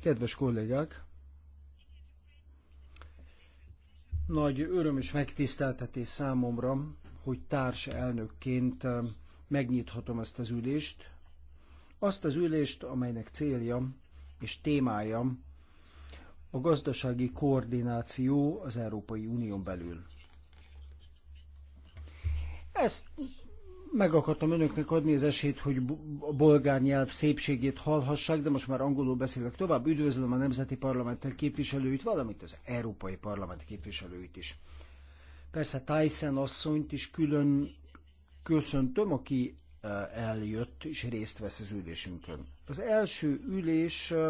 Kedves kollégák! Nagy öröm és megtiszteltetés számomra, hogy társ elnökként eh, megnyithatom ezt az ülést. Azt az ülést, amelynek célja és témája a gazdasági koordináció az Európai Unión belül. Ez meg akartam önöknek adni az esélyt, hogy a bolgár nyelv szépségét hallhassák, de most már angolul beszélek tovább. Üdvözlöm a Nemzeti Parlament képviselőit, valamint az Európai Parlament képviselőit is. Persze Tyson asszonyt is külön köszöntöm, aki eh, eljött és részt vesz az ülésünkön. Az első ülés eh,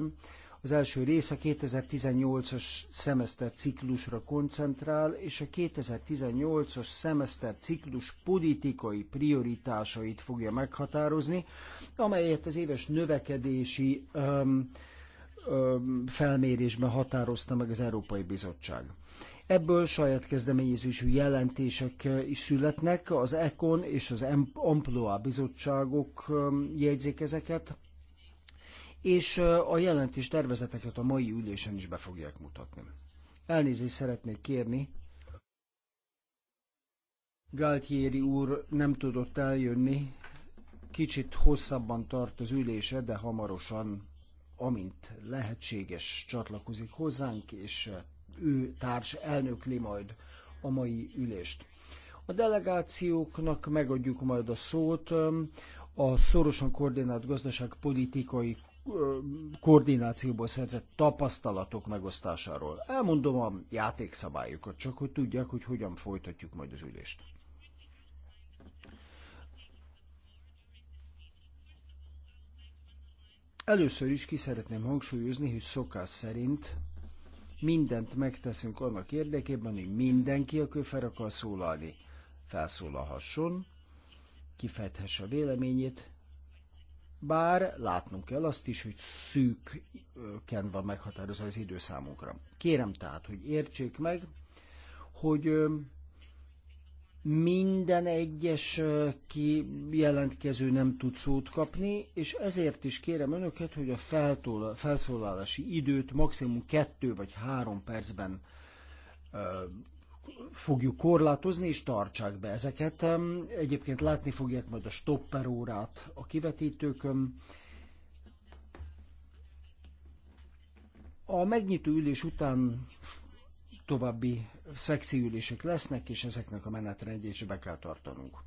az első rész a 2018-as szemeszter ciklusra koncentrál, és a 2018-as szemeszter ciklus politikai prioritásait fogja meghatározni, amelyet az éves növekedési öm, öm, felmérésben határozta meg az Európai Bizottság. Ebből saját kezdeményezésű jelentések is születnek, az ECON és az Amploa bizottságok jegyzik ezeket, és a jelentés tervezeteket a mai ülésen is be fogják mutatni. Elnézést szeretnék kérni, Galtieri úr nem tudott eljönni, kicsit hosszabban tart az ülése, de hamarosan, amint lehetséges, csatlakozik hozzánk, és ő társ elnökli majd a mai ülést. A delegációknak megadjuk majd a szót a szorosan koordinált gazdaságpolitikai koordinációból szerzett tapasztalatok megosztásáról. Elmondom a játékszabályokat, csak hogy tudják, hogy hogyan folytatjuk majd az ülést. Először is ki szeretném hangsúlyozni, hogy szokás szerint mindent megteszünk annak érdekében, hogy mindenki, aki fel akar szólalni, felszólalhasson, kifejthesse a véleményét, bár látnunk kell azt is, hogy szűkken van meghatározva az időszámunkra. Kérem tehát, hogy értsék meg, hogy minden egyes ki jelentkező nem tud szót kapni, és ezért is kérem önöket, hogy a felszólalási időt maximum kettő vagy három percben fogjuk korlátozni, és tartsák be ezeket. Egyébként látni fogják majd a stopper órát a kivetítőkön. A megnyitó ülés után további szexi ülések lesznek, és ezeknek a menetrendjét is be kell tartanunk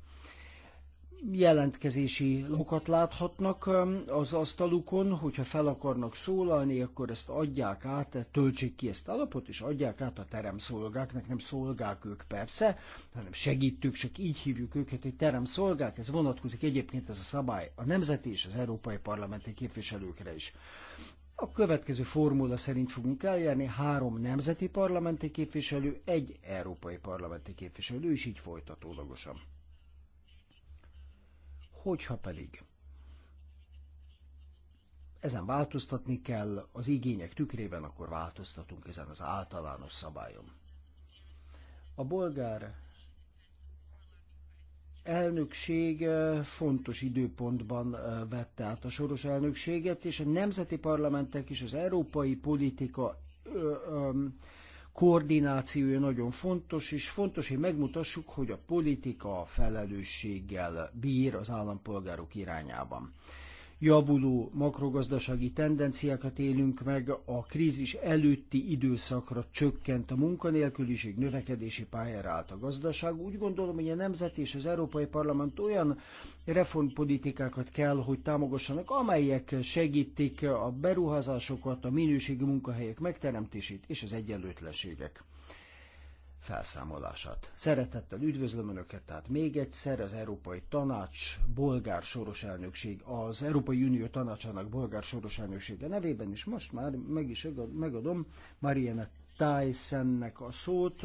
jelentkezési lukat láthatnak um, az asztalukon, hogyha fel akarnak szólalni, akkor ezt adják át, töltsék ki ezt a lapot, és adják át a teremszolgáknak, nem szolgák ők persze, hanem segítők, csak így hívjuk őket, hogy teremszolgák, ez vonatkozik egyébként ez a szabály a nemzeti és az európai parlamenti képviselőkre is. A következő formula szerint fogunk eljárni három nemzeti parlamenti képviselő, egy európai parlamenti képviselő, és így folytatólagosan. Hogyha pedig ezen változtatni kell, az igények tükrében akkor változtatunk ezen az általános szabályon. A bolgár elnökség eh, fontos időpontban eh, vette át a soros elnökséget, és a nemzeti parlamentek és az európai politika ö, ö, koordinációja nagyon fontos, és fontos, hogy megmutassuk, hogy a politika felelősséggel bír az állampolgárok irányában javuló makrogazdasági tendenciákat élünk meg, a krízis előtti időszakra csökkent a munkanélküliség, növekedési pályára állt a gazdaság. Úgy gondolom, hogy a Nemzet és az Európai Parlament olyan reformpolitikákat kell, hogy támogassanak, amelyek segítik a beruházásokat, a minőségi munkahelyek megteremtését és az egyenlőtlenségek felszámolását. Szeretettel üdvözlöm Önöket, tehát még egyszer az Európai Tanács bolgár soros elnökség, az Európai Unió Tanácsának bolgár soros elnöksége nevében is most már meg is megadom Mariana Tyson-nek a szót.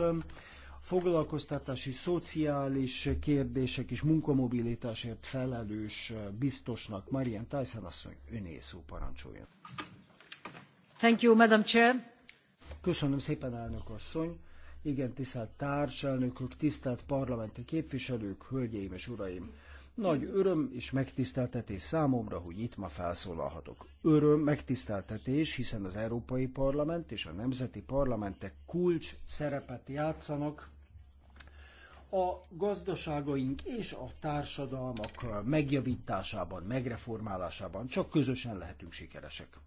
Foglalkoztatási, szociális kérdések és munkamobilitásért felelős biztosnak Marian Tyson asszony öné szó parancsoljon. Thank you, Madam Chair. Köszönöm szépen, elnök asszony. Igen, tisztelt társelnökök, tisztelt parlamenti képviselők, hölgyeim és uraim! Nagy öröm és megtiszteltetés számomra, hogy itt ma felszólalhatok. Öröm, megtiszteltetés, hiszen az Európai Parlament és a nemzeti parlamentek kulcs szerepet játszanak a gazdaságaink és a társadalmak megjavításában, megreformálásában csak közösen lehetünk sikeresek.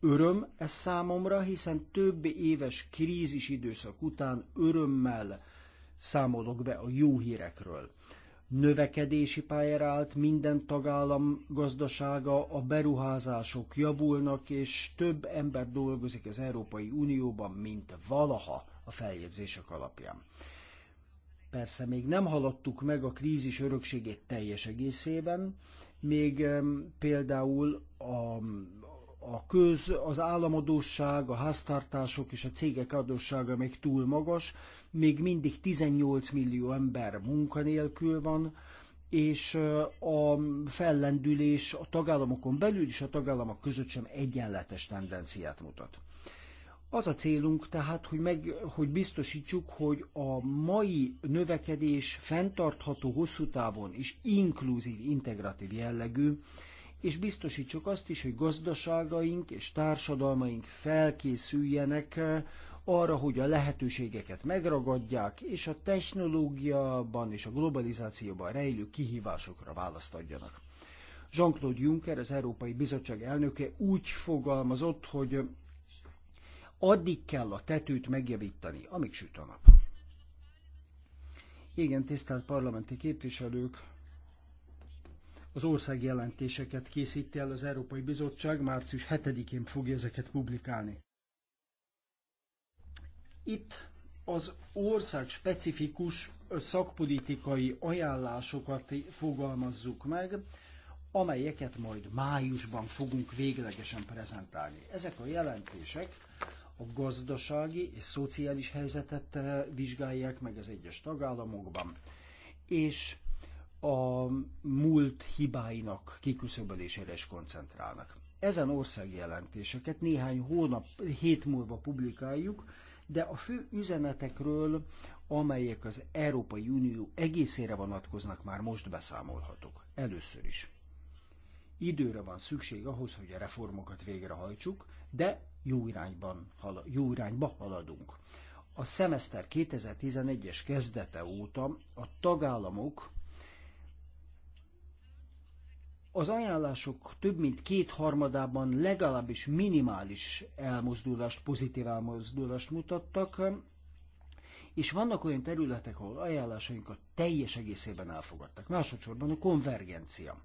Öröm ez számomra, hiszen több éves krízis időszak után örömmel számolok be a jó hírekről. Növekedési pályára állt minden tagállam gazdasága, a beruházások javulnak, és több ember dolgozik az Európai Unióban, mint valaha a feljegyzések alapján. Persze még nem haladtuk meg a krízis örökségét teljes egészében, még például a, a köz, az államadóság, a háztartások és a cégek adóssága még túl magas, még mindig 18 millió ember munkanélkül van, és a fellendülés a tagállamokon belül és a tagállamok között sem egyenletes tendenciát mutat. Az a célunk tehát, hogy, meg, hogy biztosítsuk, hogy a mai növekedés fenntartható hosszú távon és inkluzív, integratív jellegű, és biztosítsuk azt is, hogy gazdaságaink és társadalmaink felkészüljenek eh, arra, hogy a lehetőségeket megragadják, és a technológiában és a globalizációban rejlő kihívásokra választ adjanak. Jean-Claude Juncker, az Európai Bizottság elnöke úgy fogalmazott, hogy addig kell a tetőt megjavítani, amíg süt a nap. Igen, tisztelt parlamenti képviselők, az ország jelentéseket készíti el az Európai Bizottság, március 7-én fogja ezeket publikálni. Itt az ország specifikus szakpolitikai ajánlásokat fogalmazzuk meg, amelyeket majd májusban fogunk véglegesen prezentálni. Ezek a jelentések a gazdasági és szociális helyzetet vizsgálják meg az egyes tagállamokban, és a múlt hibáinak kiküszöbölésére is koncentrálnak. Ezen országjelentéseket néhány hónap, hét múlva publikáljuk, de a fő üzenetekről, amelyek az Európai Unió egészére vonatkoznak, már most beszámolhatok. Először is. Időre van szükség ahhoz, hogy a reformokat végrehajtsuk, de jó, irányban, jó irányba haladunk. A szemeszter 2011-es kezdete óta a tagállamok az ajánlások több mint kétharmadában legalábbis minimális elmozdulást, pozitív elmozdulást mutattak, és vannak olyan területek, ahol ajánlásainkat teljes egészében elfogadtak. Másodszorban a konvergencia,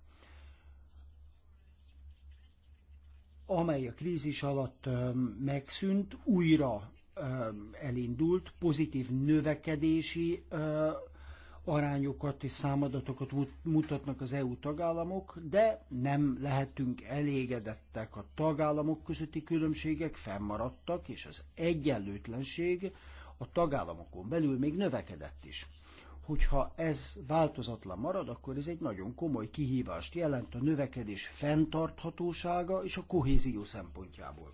amely a krízis alatt megszűnt, újra elindult, pozitív növekedési arányokat és számadatokat mutatnak az EU tagállamok, de nem lehetünk elégedettek. A tagállamok közötti különbségek fennmaradtak, és az egyenlőtlenség a tagállamokon belül még növekedett is. Hogyha ez változatlan marad, akkor ez egy nagyon komoly kihívást jelent a növekedés fenntarthatósága és a kohézió szempontjából.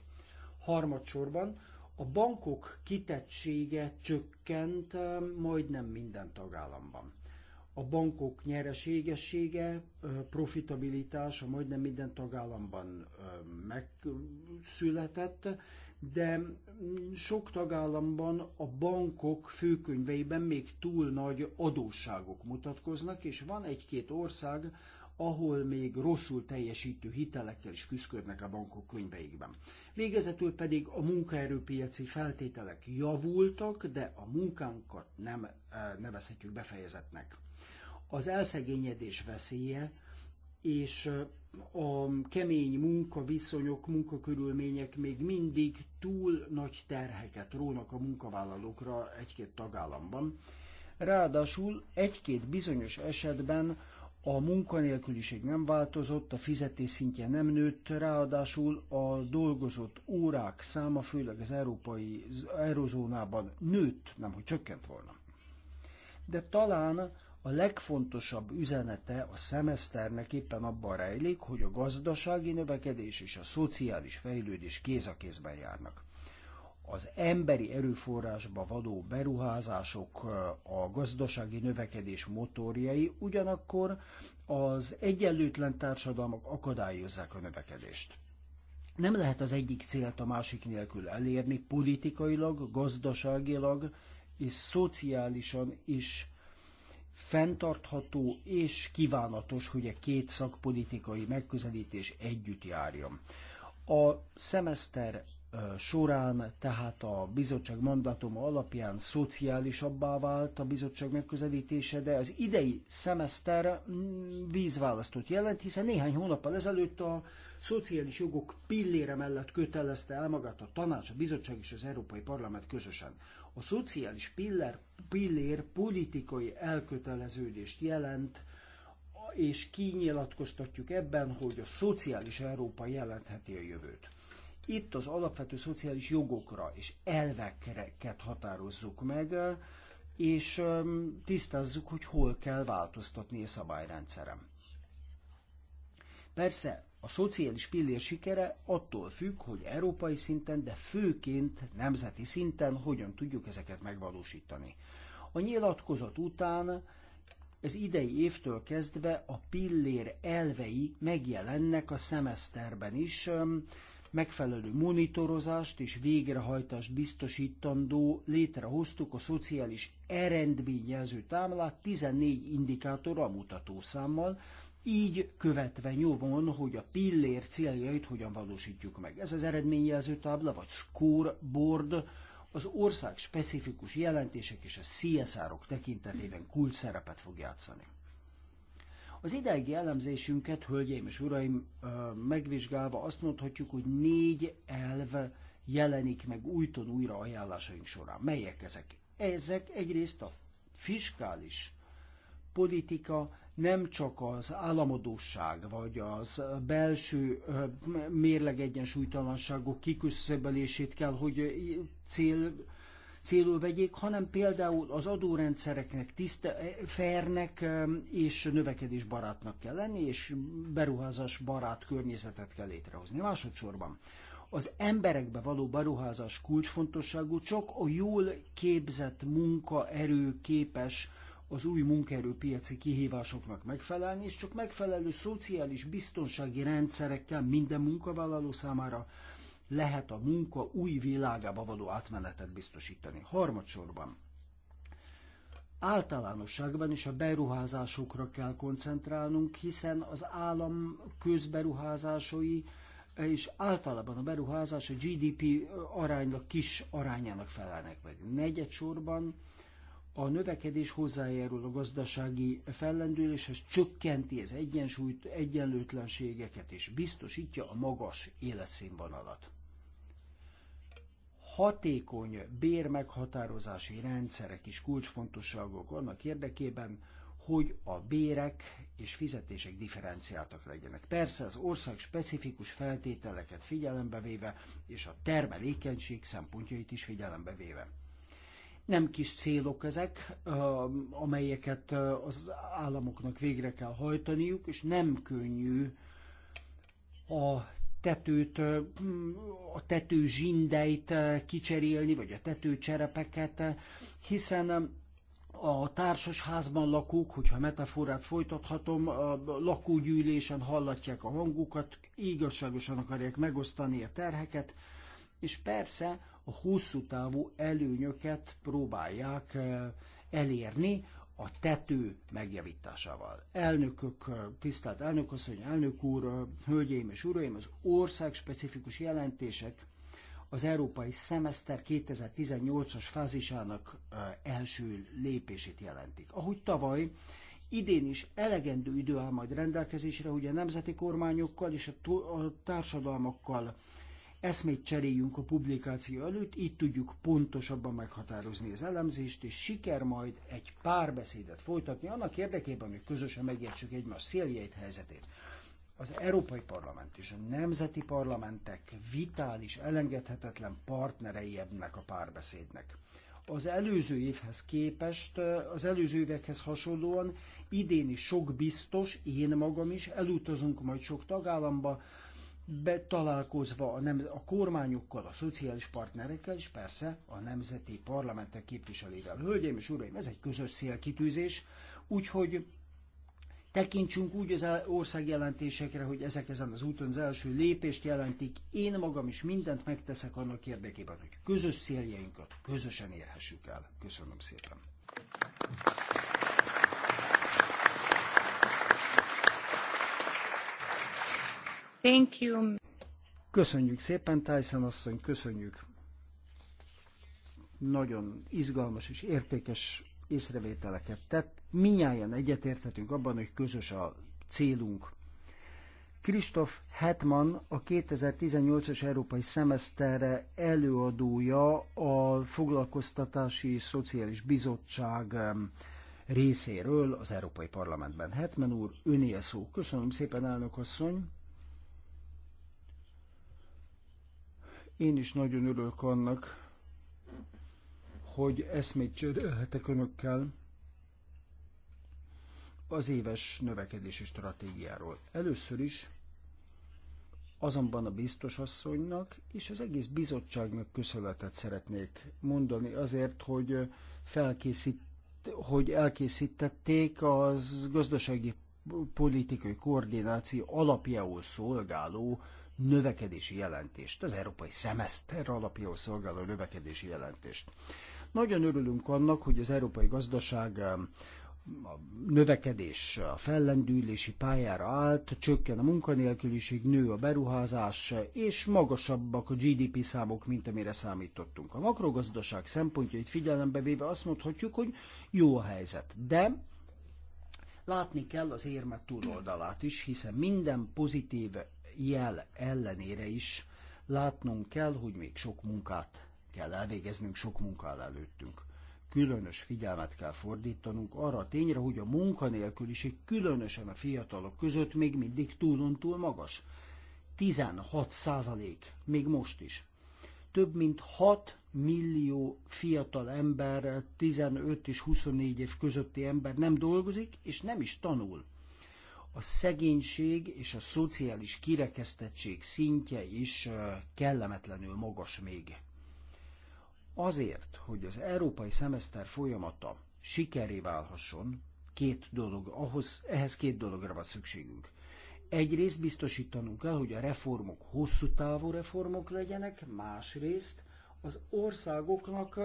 Harmadsorban a bankok kitettsége csökkent majdnem minden tagállamban. A bankok nyereségessége, profitabilitása majdnem minden tagállamban megszületett, de sok tagállamban a bankok főkönyveiben még túl nagy adósságok mutatkoznak, és van egy-két ország, ahol még rosszul teljesítő hitelekkel is küzdködnek a bankok könyveikben. Végezetül pedig a munkaerőpiaci feltételek javultak, de a munkánkat nem eh, nevezhetjük befejezetnek. Az elszegényedés veszélye és eh, a kemény munkaviszonyok, munkakörülmények még mindig túl nagy terheket rónak a munkavállalókra egy-két tagállamban. Ráadásul egy-két bizonyos esetben a munkanélküliség nem változott, a fizetés szintje nem nőtt, ráadásul a dolgozott órák száma, főleg az európai eurozónában nőtt, nem hogy csökkent volna. De talán a legfontosabb üzenete a szemeszternek éppen abban rejlik, hogy a gazdasági növekedés és a szociális fejlődés kéz a kézben járnak az emberi erőforrásba vadó beruházások a gazdasági növekedés motorjai, ugyanakkor az egyenlőtlen társadalmak akadályozzák a növekedést. Nem lehet az egyik célt a másik nélkül elérni politikailag, gazdaságilag és szociálisan is fenntartható és kívánatos, hogy a két szakpolitikai megközelítés együtt járjon. A szemeszter során, tehát a bizottság mandátuma alapján szociálisabbá vált a bizottság megközelítése, de az idei szemeszter mm, vízválasztót jelent, hiszen néhány hónappal ezelőtt a szociális jogok pillére mellett kötelezte el magát a tanács, a bizottság és az Európai Parlament közösen. A szociális pillér, pillér politikai elköteleződést jelent, és kinyilatkoztatjuk ebben, hogy a szociális Európa jelentheti a jövőt. Itt az alapvető szociális jogokra és elveket határozzuk meg, és tisztázzuk, hogy hol kell változtatni a szabályrendszerem. Persze, a szociális pillér sikere attól függ, hogy európai szinten, de főként nemzeti szinten hogyan tudjuk ezeket megvalósítani. A nyilatkozat után ez idei évtől kezdve a pillér elvei megjelennek a szemeszterben is, megfelelő monitorozást és végrehajtást biztosítandó létrehoztuk a szociális eredményjelző támlát 14 indikátorra mutató számmal, így követve nyomon, hogy a pillér céljait hogyan valósítjuk meg. Ez az eredményjelző tábla, vagy scoreboard, az ország specifikus jelentések és a CSR-ok -ok tekintetében kulcs szerepet fog játszani. Az ideigi elemzésünket, hölgyeim és uraim, megvizsgálva azt mondhatjuk, hogy négy elv jelenik meg újton újra ajánlásaink során. Melyek ezek? Ezek egyrészt a fiskális politika nem csak az államadóság vagy az belső mérleg egyensúlytalanságok kiküszöbölését kell, hogy cél célul vegyék, hanem például az adórendszereknek tiszta, eh, fairnek és növekedésbarátnak kell lenni, és beruházás barát környezetet kell létrehozni. Másodszorban az emberekbe való beruházás kulcsfontosságú, csak a jól képzett munkaerő képes az új munkaerőpiaci kihívásoknak megfelelni, és csak megfelelő szociális biztonsági rendszerekkel minden munkavállaló számára lehet a munka új világába való átmenetet biztosítani. Harmadsorban általánosságban is a beruházásokra kell koncentrálnunk, hiszen az állam közberuházásai és általában a beruházás a GDP aránylag kis arányának felelnek meg. Negyed sorban a növekedés hozzájárul a gazdasági fellendüléshez, csökkenti az egyensúlyt, egyenlőtlenségeket és biztosítja a magas életszínvonalat hatékony bérmeghatározási rendszerek is kulcsfontosságok annak érdekében, hogy a bérek és fizetések differenciáltak legyenek. Persze az ország specifikus feltételeket figyelembe véve, és a termelékenység szempontjait is figyelembe véve. Nem kis célok ezek, amelyeket az államoknak végre kell hajtaniuk, és nem könnyű a tetőt, mm, a tető zsindeit kicserélni, vagy a tetőcserepeket, hiszen a társasházban lakók, hogyha metaforát folytathatom, a lakógyűlésen hallatják a hangukat, igazságosan akarják megosztani a terheket, és persze a hosszú távú előnyöket próbálják elérni, a tető megjavításával. Elnökök, tisztelt elnök asszony, elnök úr, hölgyeim és uraim, az ország specifikus jelentések az európai szemeszter 2018-as fázisának első lépését jelentik. Ahogy tavaly, idén is elegendő idő áll majd rendelkezésre, hogy a nemzeti kormányokkal és a társadalmakkal eszmét cseréljünk a publikáció előtt, így tudjuk pontosabban meghatározni az elemzést, és siker majd egy párbeszédet folytatni annak érdekében, hogy közösen megértsük egymás széljeit, helyzetét. Az Európai Parlament és a nemzeti parlamentek vitális, elengedhetetlen partnerei ebben a párbeszédnek. Az előző évhez képest, az előző évekhez hasonlóan idén is sok biztos, én magam is, elutazunk majd sok tagállamba, betalálkozva a, nem, a kormányokkal, a szociális partnerekkel, és persze a nemzeti parlamentek képviselével. Hölgyeim és uraim, ez egy közös célkitűzés, úgyhogy tekintsünk úgy az országjelentésekre, hogy ezek ezen az úton az első lépést jelentik. Én magam is mindent megteszek annak érdekében, hogy közös céljainkat közösen érhessük el. Köszönöm szépen. Thank you. Köszönjük szépen, Tyson asszony, köszönjük. Nagyon izgalmas és értékes észrevételeket tett. Minnyáján egyetérthetünk abban, hogy közös a célunk. Kristof Hetman, a 2018-as európai szemeszterre előadója a Foglalkoztatási Szociális Bizottság részéről az Európai Parlamentben. Hetman úr, öné szó. Köszönöm szépen, elnök asszony. Én is nagyon örülök annak, hogy eszmét cserélhetek önökkel az éves növekedési stratégiáról. Először is azonban a asszonynak és az egész bizottságnak köszönetet szeretnék mondani azért, hogy felkészít, hogy elkészítették az gazdasági politikai koordináció alapjául szolgáló növekedési jelentést, az európai szemeszter alapjául szolgáló növekedési jelentést. Nagyon örülünk annak, hogy az európai gazdaság um, a növekedés, a fellendülési pályára állt, csökken a munkanélküliség, nő a beruházás, és magasabbak a GDP számok, mint amire számítottunk. A makrogazdaság szempontjait figyelembe véve azt mondhatjuk, hogy jó a helyzet, de látni kell az érmet túloldalát is, hiszen minden pozitív jel ellenére is látnunk kell, hogy még sok munkát kell elvégeznünk, sok munka előttünk. Különös figyelmet kell fordítanunk arra a tényre, hogy a munkanélküliség különösen a fiatalok között még mindig túlon túl magas. 16 százalék, még most is. Több mint 6 millió fiatal ember, 15 és 24 év közötti ember nem dolgozik, és nem is tanul a szegénység és a szociális kirekesztettség szintje is kellemetlenül magas még. Azért, hogy az európai szemeszter folyamata sikeré válhasson, két dolog, ahhoz, ehhez két dologra van szükségünk. Egyrészt biztosítanunk kell, hogy a reformok hosszú távú reformok legyenek, másrészt az országoknak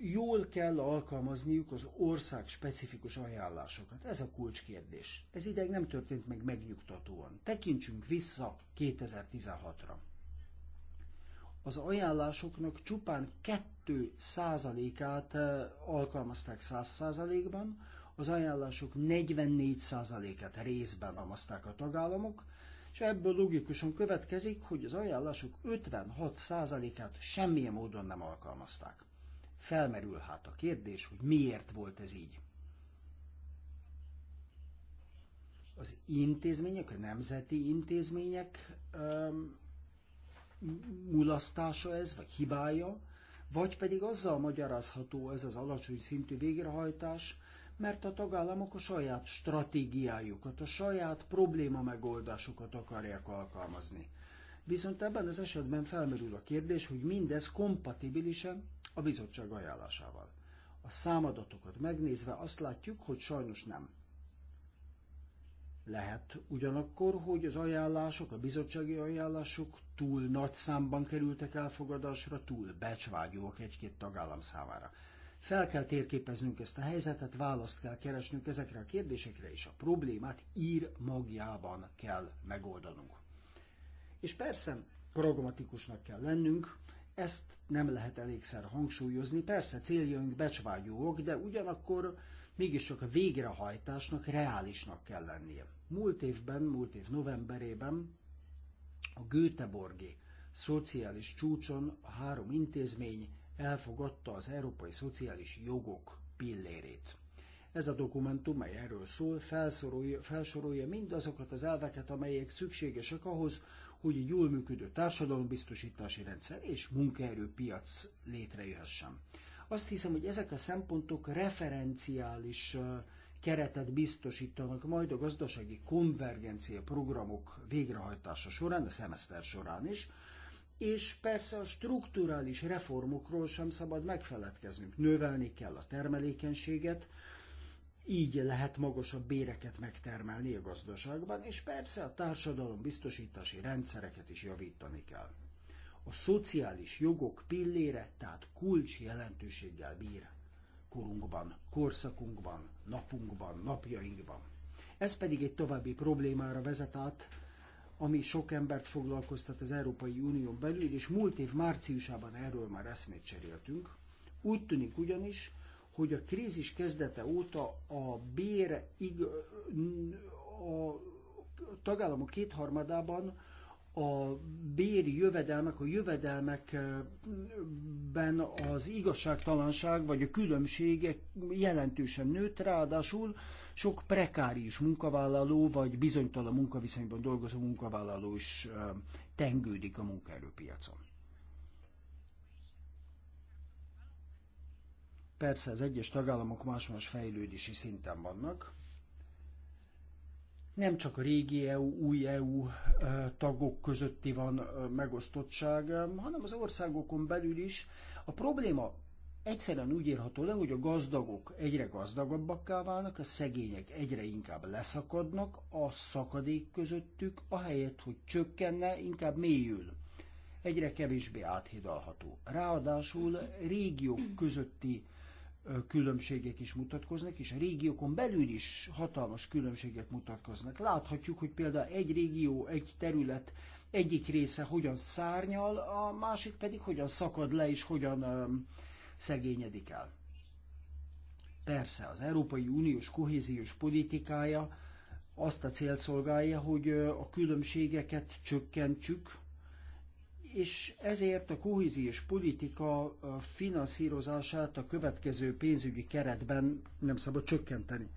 jól kell alkalmazniuk az ország specifikus ajánlásokat. Ez a kulcskérdés. Ez ideig nem történt meg megnyugtatóan. Tekintsünk vissza 2016-ra. Az ajánlásoknak csupán 2 százalékát eh, alkalmazták 100 ban az ajánlások 44 százalékát részben alkalmazták a tagállamok, és ebből logikusan következik, hogy az ajánlások 56 százalékát semmilyen módon nem alkalmazták. Felmerül hát a kérdés, hogy miért volt ez így. Az intézmények, a nemzeti intézmények um, mulasztása ez, vagy hibája, vagy pedig azzal magyarázható ez az alacsony szintű végrehajtás, mert a tagállamok a saját stratégiájukat, a saját probléma megoldásukat akarják alkalmazni. Viszont ebben az esetben felmerül a kérdés, hogy mindez kompatibilise a bizottság ajánlásával. A számadatokat megnézve azt látjuk, hogy sajnos nem. Lehet ugyanakkor, hogy az ajánlások, a bizottsági ajánlások túl nagy számban kerültek elfogadásra, túl becsvágyóak egy-két tagállam számára. Fel kell térképeznünk ezt a helyzetet, választ kell keresnünk ezekre a kérdésekre, és a problémát ír magjában kell megoldanunk. És persze pragmatikusnak kell lennünk, ezt nem lehet elégszer hangsúlyozni. Persze céljaink becsvágyóak, de ugyanakkor mégiscsak a végrehajtásnak reálisnak kell lennie. Múlt évben, múlt év novemberében a Göteborgi szociális csúcson a három intézmény elfogadta az európai szociális jogok pillérét. Ez a dokumentum, mely erről szól, felsorolja mindazokat az elveket, amelyek szükségesek ahhoz, hogy egy jól működő társadalombiztosítási rendszer és munkaerőpiac létrejöhessen. Azt hiszem, hogy ezek a szempontok referenciális keretet biztosítanak majd a gazdasági konvergencia programok végrehajtása során, a szemeszter során is, és persze a strukturális reformokról sem szabad megfeledkeznünk. Növelni kell a termelékenységet, így lehet magasabb béreket megtermelni a gazdaságban, és persze a társadalom biztosítási rendszereket is javítani kell. A szociális jogok pillére, tehát kulcs jelentőséggel bír korunkban, korszakunkban, napunkban, napjainkban. Ez pedig egy további problémára vezet át, ami sok embert foglalkoztat az Európai Unión belül, és múlt év márciusában erről már eszmét cseréltünk. Úgy tűnik ugyanis, hogy a krízis kezdete óta a bér ig, a tagállamok kétharmadában a béri jövedelmek, a jövedelmekben az igazságtalanság vagy a különbségek jelentősen nőtt, ráadásul sok prekáris munkavállaló vagy bizonytalan munkaviszonyban dolgozó munkavállaló is tengődik a munkaerőpiacon. Persze az egyes tagállamok más-más fejlődési szinten vannak. Nem csak a régi EU, új EU eh, tagok közötti van eh, megosztottság, eh, hanem az országokon belül is. A probléma egyszerűen úgy írható le, hogy a gazdagok egyre gazdagabbakká válnak, a szegények egyre inkább leszakadnak a szakadék közöttük, ahelyett, hogy csökkenne, inkább mélyül. Egyre kevésbé áthidalható. Ráadásul régiók közötti különbségek is mutatkoznak, és a régiókon belül is hatalmas különbségek mutatkoznak. Láthatjuk, hogy például egy régió, egy terület egyik része hogyan szárnyal, a másik pedig hogyan szakad le, és hogyan um, szegényedik el. Persze, az Európai Uniós kohéziós politikája azt a célt szolgálja, hogy a különbségeket csökkentsük, és ezért a kohéziós politika finanszírozását a következő pénzügyi keretben nem szabad csökkenteni.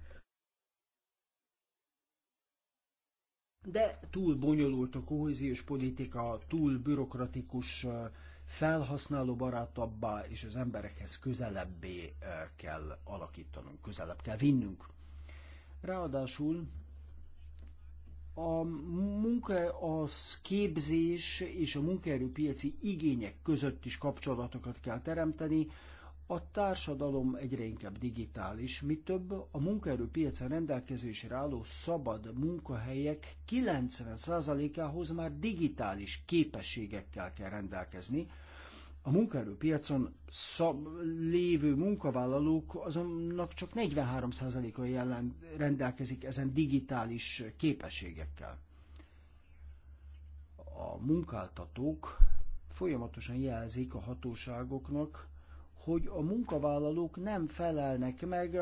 De túl bonyolult a kohéziós politika, túl bürokratikus, barátabbá, és az emberekhez közelebbé kell alakítanunk, közelebb kell vinnünk. Ráadásul a munka, a képzés és a munkaerőpiaci igények között is kapcsolatokat kell teremteni. A társadalom egyre inkább digitális, mi több a munkaerőpiacon rendelkezésre álló szabad munkahelyek 90%-ához már digitális képességekkel kell rendelkezni, a munkaerőpiacon szab, lévő munkavállalók azonnak csak 43%-a jelen rendelkezik ezen digitális képességekkel. A munkáltatók folyamatosan jelzik a hatóságoknak, hogy a munkavállalók nem felelnek meg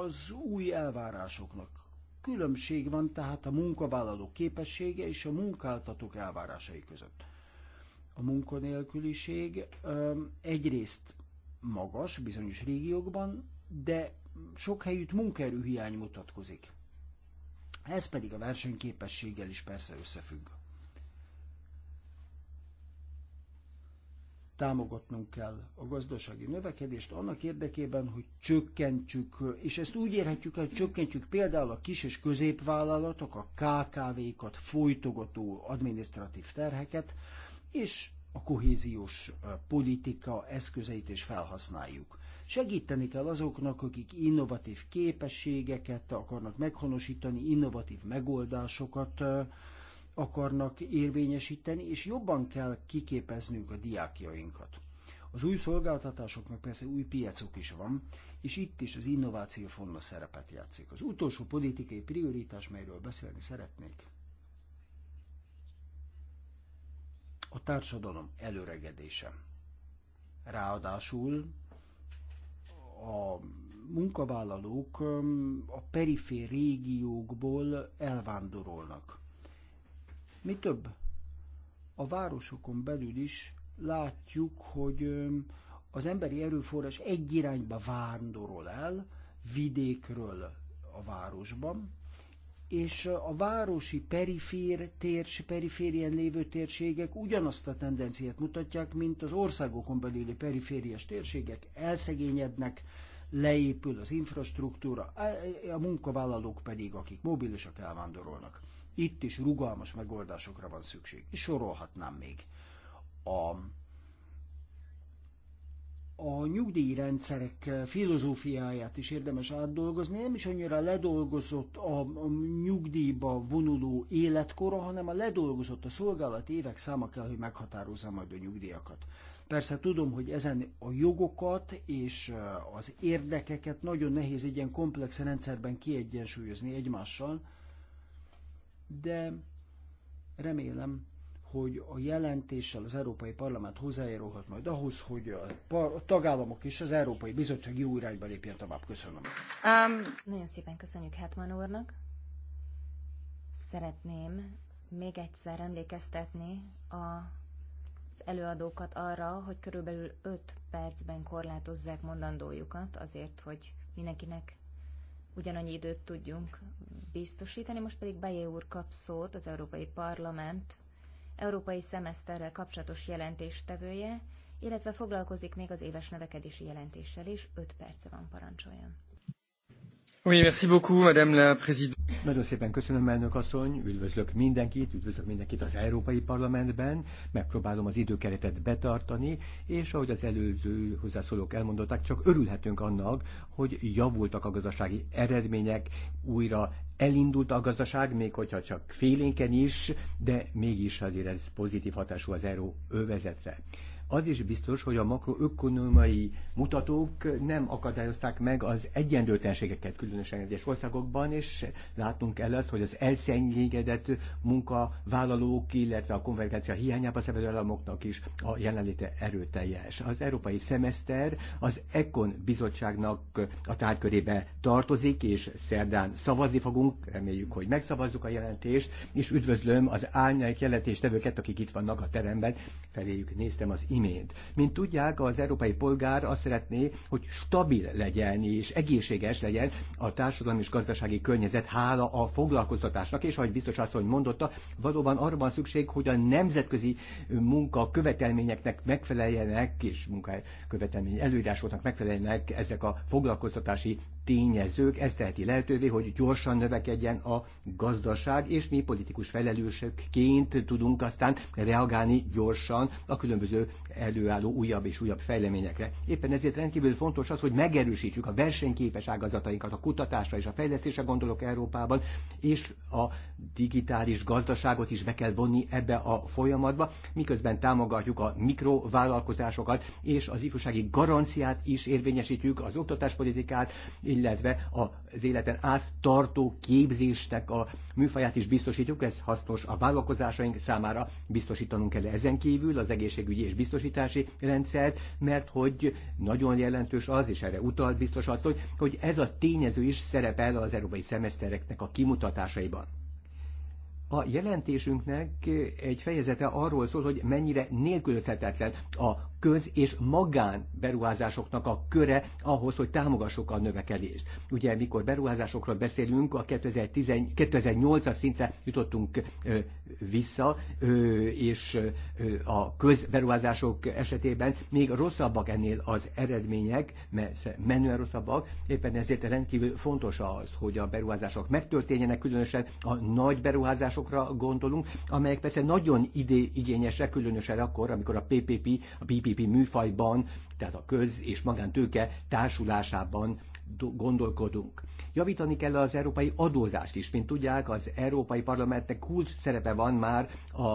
az új elvárásoknak. Különbség van tehát a munkavállalók képessége és a munkáltatók elvárásai között a munkanélküliség egyrészt magas bizonyos régiókban, de sok helyütt munkaerőhiány mutatkozik. Ez pedig a versenyképességgel is persze összefügg. Támogatnunk kell a gazdasági növekedést annak érdekében, hogy csökkentjük és ezt úgy érhetjük el, hogy csökkentjük például a kis és középvállalatok, a KKV-kat, folytogató adminisztratív terheket, és a kohéziós politika eszközeit is felhasználjuk. Segíteni kell azoknak, akik innovatív képességeket akarnak meghonosítani, innovatív megoldásokat akarnak érvényesíteni, és jobban kell kiképeznünk a diákjainkat. Az új szolgáltatásoknak persze új piacok is van, és itt is az innováció fontos szerepet játszik. Az utolsó politikai prioritás, melyről beszélni szeretnék, a társadalom előregedése. Ráadásul a munkavállalók um, a perifér régiókból elvándorolnak. Mi több, a városokon belül is látjuk, hogy um, az emberi erőforrás egy irányba vándorol el, vidékről a városban, és a városi perifér, térs, periférien lévő térségek ugyanazt a tendenciát mutatják, mint az országokon belüli perifériás térségek elszegényednek, leépül az infrastruktúra, a munkavállalók pedig, akik mobilisak elvándorolnak. Itt is rugalmas megoldásokra van szükség, és sorolhatnám még. A a nyugdíjrendszerek filozófiáját is érdemes átdolgozni, nem is annyira ledolgozott a, nyugdíjba vonuló életkora, hanem a ledolgozott a szolgálat évek száma kell, hogy meghatározza majd a nyugdíjakat. Persze tudom, hogy ezen a jogokat és az érdekeket nagyon nehéz egy ilyen komplex rendszerben kiegyensúlyozni egymással, de remélem, hogy a jelentéssel az Európai Parlament hozzájárulhat majd ahhoz, hogy a tagállamok és az Európai Bizottság jó irányba lépjen tovább. Köszönöm. Um, nagyon szépen köszönjük Hetman úrnak. Szeretném még egyszer emlékeztetni a az előadókat arra, hogy körülbelül 5 percben korlátozzák mondandójukat, azért, hogy mindenkinek ugyanannyi időt tudjunk biztosítani. Most pedig Bejé úr kap szót az Európai Parlament európai szemeszterrel kapcsolatos jelentéstevője, illetve foglalkozik még az éves növekedési jelentéssel is, 5 perce van parancsoljon. Oui, merci beaucoup, Madame la Présidente. Nagyon szépen köszönöm, elnök asszony, üdvözlök mindenkit, üdvözlök mindenkit az Európai Parlamentben, megpróbálom az időkeretet betartani, és ahogy az előző hozzászólók elmondották, csak örülhetünk annak, hogy javultak a gazdasági eredmények, újra elindult a gazdaság, még hogyha csak félénken is, de mégis azért ez pozitív hatású az euró övezetre. Az is biztos, hogy a makroökonomai mutatók nem akadályozták meg az egyenlőtlenségeket különösen egyes országokban, és látnunk el azt, hogy az elszengégedett munkavállalók, illetve a konvergencia hiányában szenvedő államoknak is a jelenléte erőteljes. Az európai szemeszter az ECON bizottságnak a tárkörébe tartozik, és szerdán szavazni fogunk, reméljük, hogy megszavazzuk a jelentést, és üdvözlöm az árnyék jelentéstevőket, akik itt vannak a teremben, feléjük néztem az imént. Mint tudják, az európai polgár azt szeretné, hogy stabil legyen és egészséges legyen a társadalmi és gazdasági környezet hála a foglalkoztatásnak, és ahogy biztos asszony mondotta, valóban arra van szükség, hogy a nemzetközi munka követelményeknek megfeleljenek, és munkakövetelmény előírásoknak megfeleljenek ezek a foglalkoztatási tényezők, ez teheti lehetővé, hogy gyorsan növekedjen a gazdaság, és mi politikus felelősökként tudunk aztán reagálni gyorsan a különböző előálló újabb és újabb fejleményekre. Éppen ezért rendkívül fontos az, hogy megerősítsük a versenyképes ágazatainkat, a kutatásra és a fejlesztésre gondolok Európában, és a digitális gazdaságot is be kell vonni ebbe a folyamatba, miközben támogatjuk a mikrovállalkozásokat, és az ifjúsági garanciát is érvényesítjük, az oktatáspolitikát, illetve a életen át tartó képzéstek a műfaját is biztosítjuk, ez hasznos a vállalkozásaink számára, biztosítanunk kell ezen kívül az egészségügyi és biztosítási rendszert, mert hogy nagyon jelentős az, és erre utalt biztos az, hogy, hogy ez a tényező is szerepel az európai szemesztereknek a kimutatásaiban. A jelentésünknek egy fejezete arról szól, hogy mennyire nélkülözhetetlen a köz- és magán beruházásoknak a köre ahhoz, hogy támogassuk a növekedést. Ugye, mikor beruházásokról beszélünk, a 2008-as szintre jutottunk ö, vissza, ö, és ö, a közberuházások esetében még rosszabbak ennél az eredmények, mert menően rosszabbak, éppen ezért rendkívül fontos az, hogy a beruházások megtörténjenek, különösen a nagy beruházásokra gondolunk, amelyek persze nagyon idé igényesek, különösen akkor, amikor a PPP, a PPP PPP műfajban, tehát a köz- és magántőke társulásában gondolkodunk. Javítani kell az európai adózást is. Mint tudják, az Európai Parlamentnek kulcs szerepe van már a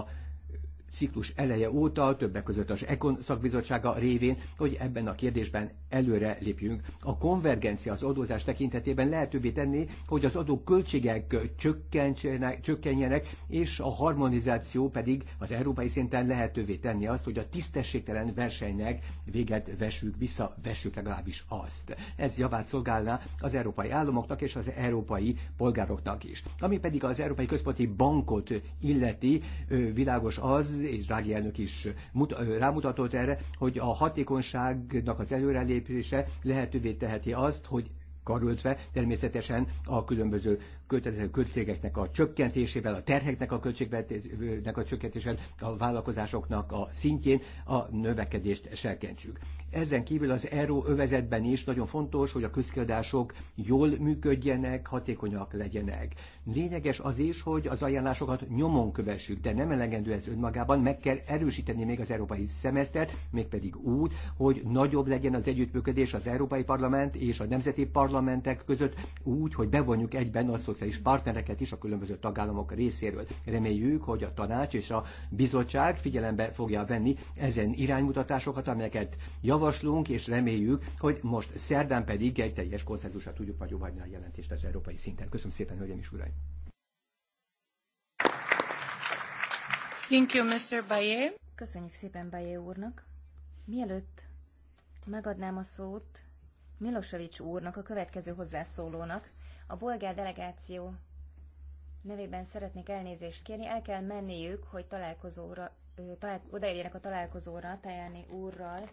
ciklus eleje óta, többek között az Ekon szakbizottsága révén, hogy ebben a kérdésben előre lépjünk. A konvergencia az adózás tekintetében lehetővé tenni, hogy az adó költségek csökkenjenek, és a harmonizáció pedig az európai szinten lehetővé tenni azt, hogy a tisztességtelen versenynek véget vessük, vessük legalábbis azt. Ez javát szolgálná az európai államoknak és az európai polgároknak is. Ami pedig az Európai Központi Bankot illeti, világos az, és Drági elnök is mut, rámutatott erre, hogy a hatékonyságnak az előrelépése lehetővé teheti azt, hogy karöltve természetesen a különböző kötelező költségeknek a csökkentésével, a terheknek a költségvetésnek a csökkentésével, a vállalkozásoknak a szintjén a növekedést serkentsük. Ezen kívül az ERO övezetben is nagyon fontos, hogy a közkiadások jól működjenek, hatékonyak legyenek. Lényeges az is, hogy az ajánlásokat nyomon kövessük, de nem elegendő ez önmagában, meg kell erősíteni még az európai szemesztert, mégpedig úgy, hogy nagyobb legyen az együttműködés az Európai Parlament és a nemzeti parlamentek között, úgy, hogy bevonjuk egyben a szociális szociális partnereket is a különböző tagállamok részéről. Reméljük, hogy a tanács és a bizottság figyelembe fogja venni ezen iránymutatásokat, amelyeket javaslunk, és reméljük, hogy most szerdán pedig egy teljes konszenzusra tudjuk majd jóvágyni a jelentést az európai szinten. Köszönöm szépen, hölgyeim és uraim! Thank you, Mr. Baye. Köszönjük szépen Baye úrnak. Mielőtt megadnám a szót Milosevic úrnak, a következő hozzászólónak, a bolgár delegáció nevében szeretnék elnézést kérni. El kell menniük, hogy találkozóra, talál, odaérjenek a találkozóra Tajáni úrral,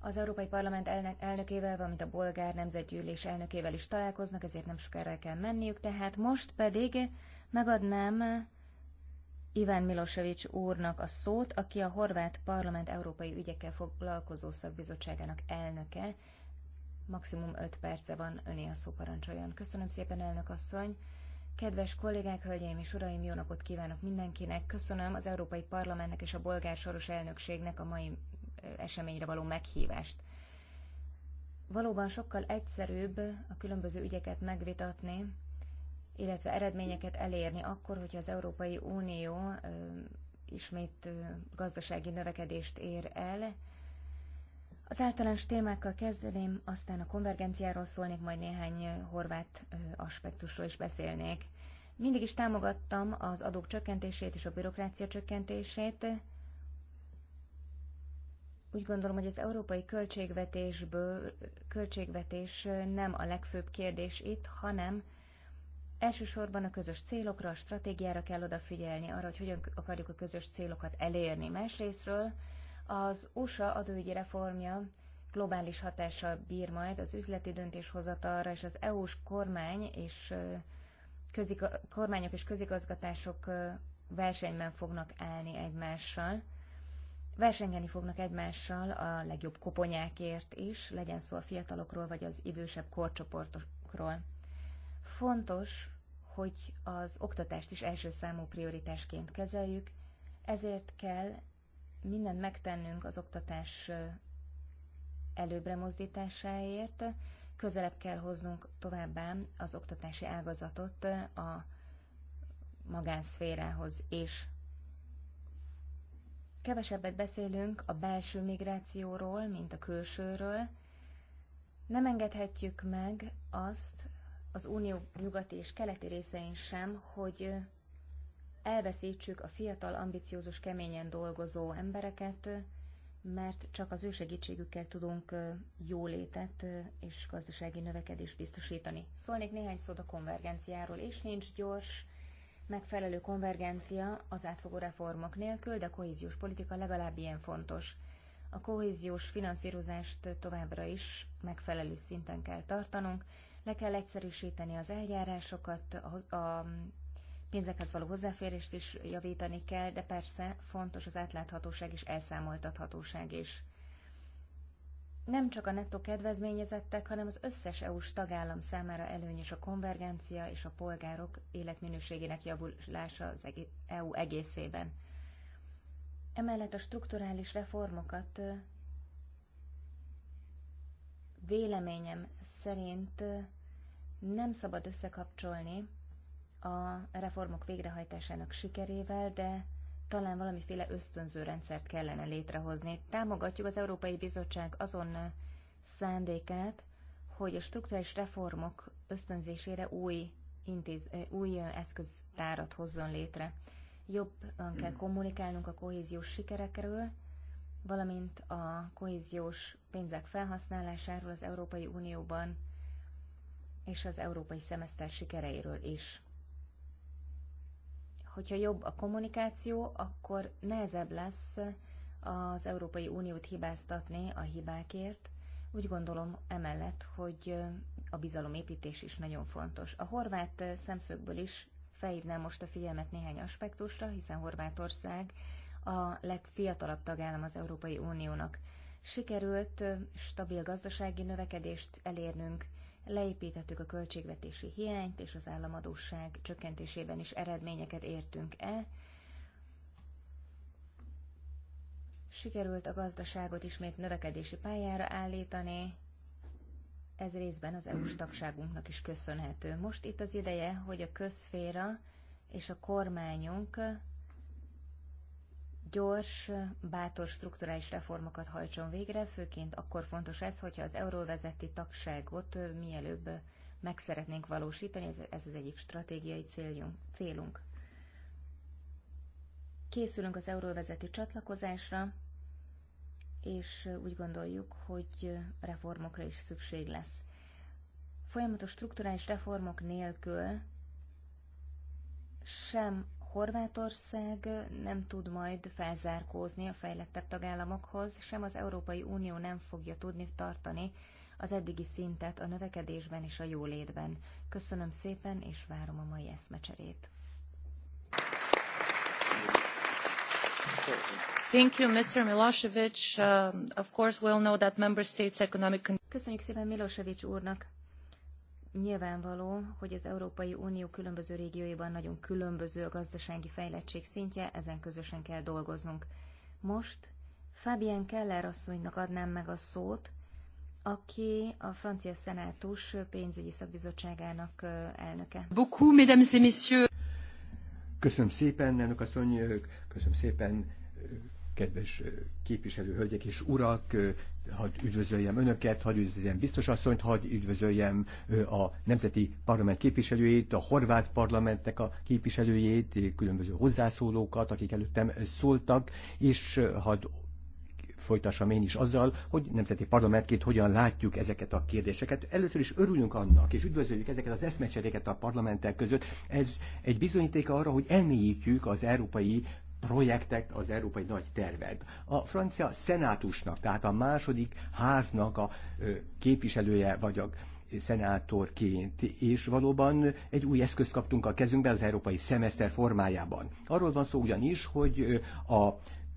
az Európai Parlament elnök, elnökével, valamint a bolgár nemzetgyűlés elnökével is találkoznak, ezért nem sokára kell menniük. Tehát most pedig megadnám Iván Milosevic úrnak a szót, aki a Horvát Parlament Európai Ügyekkel Foglalkozó Szakbizottságának elnöke, maximum 5 perce van, öné a szó parancsoljon. Köszönöm szépen, elnök asszony! Kedves kollégák, hölgyeim és uraim, jó napot kívánok mindenkinek! Köszönöm az Európai Parlamentnek és a bolgár soros elnökségnek a mai eseményre való meghívást. Valóban sokkal egyszerűbb a különböző ügyeket megvitatni, illetve eredményeket elérni akkor, hogyha az Európai Unió ismét gazdasági növekedést ér el, az általános témákkal kezdeném, aztán a konvergenciáról szólnék, majd néhány horvát aspektusról is beszélnék. Mindig is támogattam az adók csökkentését és a bürokrácia csökkentését. Úgy gondolom, hogy az európai költségvetésből, költségvetés nem a legfőbb kérdés itt, hanem Elsősorban a közös célokra, a stratégiára kell odafigyelni, arra, hogy hogyan akarjuk a közös célokat elérni. Másrésztről az USA adóügyi reformja globális hatással bír majd az üzleti döntéshozatalra, és az EU-s kormány és közig- kormányok és közigazgatások versenyben fognak állni egymással. Versengeni fognak egymással a legjobb koponyákért is, legyen szó a fiatalokról vagy az idősebb korcsoportokról. Fontos, hogy az oktatást is első számú prioritásként kezeljük, ezért kell mindent megtennünk az oktatás előbbre mozdításáért, közelebb kell hoznunk továbbá az oktatási ágazatot a magánszférához is. Kevesebbet beszélünk a belső migrációról, mint a külsőről. Nem engedhetjük meg azt az unió nyugati és keleti részein sem, hogy elveszítsük a fiatal, ambiciózus, keményen dolgozó embereket, mert csak az ő segítségükkel tudunk jólétet és gazdasági növekedést biztosítani. Szólnék néhány szót a konvergenciáról, és nincs gyors, megfelelő konvergencia az átfogó reformok nélkül, de a kohéziós politika legalább ilyen fontos. A kohéziós finanszírozást továbbra is megfelelő szinten kell tartanunk, le kell egyszerűsíteni az eljárásokat, a pénzekhez való hozzáférést is javítani kell, de persze fontos az átláthatóság és elszámoltathatóság is. Nem csak a nettó kedvezményezettek, hanem az összes EU-s tagállam számára előnyös a konvergencia és a polgárok életminőségének javulása az EU egészében. Emellett a strukturális reformokat véleményem szerint nem szabad összekapcsolni a reformok végrehajtásának sikerével, de talán valamiféle ösztönző rendszert kellene létrehozni. Támogatjuk az Európai Bizottság azon szándékát, hogy a struktúrális reformok ösztönzésére új, intéz, új eszköztárat hozzon létre. Jobban kell kommunikálnunk a kohéziós sikerekről, valamint a kohéziós pénzek felhasználásáról az Európai Unióban és az európai szemeszter sikereiről is hogyha jobb a kommunikáció, akkor nehezebb lesz az Európai Uniót hibáztatni a hibákért. Úgy gondolom emellett, hogy a bizalomépítés is nagyon fontos. A horvát szemszögből is felhívnám most a figyelmet néhány aspektusra, hiszen Horvátország a legfiatalabb tagállam az Európai Uniónak. Sikerült stabil gazdasági növekedést elérnünk, leépítettük a költségvetési hiányt, és az államadóság csökkentésében is eredményeket értünk el. Sikerült a gazdaságot ismét növekedési pályára állítani, ez részben az EU-s tagságunknak is köszönhető. Most itt az ideje, hogy a közféra és a kormányunk gyors, bátor strukturális reformokat hajtson végre, főként akkor fontos ez, hogyha az euróvezeti tagságot mielőbb meg szeretnénk valósítani, ez, ez az egyik stratégiai céljunk, célunk. Készülünk az euróvezeti csatlakozásra, és úgy gondoljuk, hogy reformokra is szükség lesz. Folyamatos strukturális reformok nélkül sem Horvátország nem tud majd felzárkózni a fejlettebb tagállamokhoz, sem az Európai Unió nem fogja tudni tartani az eddigi szintet a növekedésben és a jólétben. Köszönöm szépen, és várom a mai eszmecserét. Thank you, Mr. Milosevic. Uh, of course, we all know that member states economic... Köszönjük szépen Milosevic úrnak. Nyilvánvaló, hogy az Európai Unió különböző régióiban nagyon különböző a gazdasági fejlettség szintje, ezen közösen kell dolgoznunk. Most Fabien Keller asszonynak adnám meg a szót, aki a francia szenátus pénzügyi szakbizottságának elnöke. Beaucoup, mesdames et messieurs. Köszönöm szépen, elnök asszony, köszönöm szépen kedves képviselő hölgyek és urak, hadd üdvözöljem önöket, hadd üdvözöljem biztos asszonyt, hadd üdvözöljem a Nemzeti Parlament képviselőjét, a Horvát Parlamentnek a képviselőjét, különböző hozzászólókat, akik előttem szóltak, és hadd folytassam én is azzal, hogy nemzeti parlamentként hogyan látjuk ezeket a kérdéseket. Először is örülünk annak, és üdvözöljük ezeket az eszmecseréket a parlamentek között. Ez egy bizonyítéka arra, hogy elmélyítjük az európai Projektek az európai nagy tervek. A francia szenátusnak, tehát a második háznak a képviselője vagyok szenátorként, és valóban egy új eszközt kaptunk a kezünkbe az európai szemeszter formájában. Arról van szó ugyanis, hogy a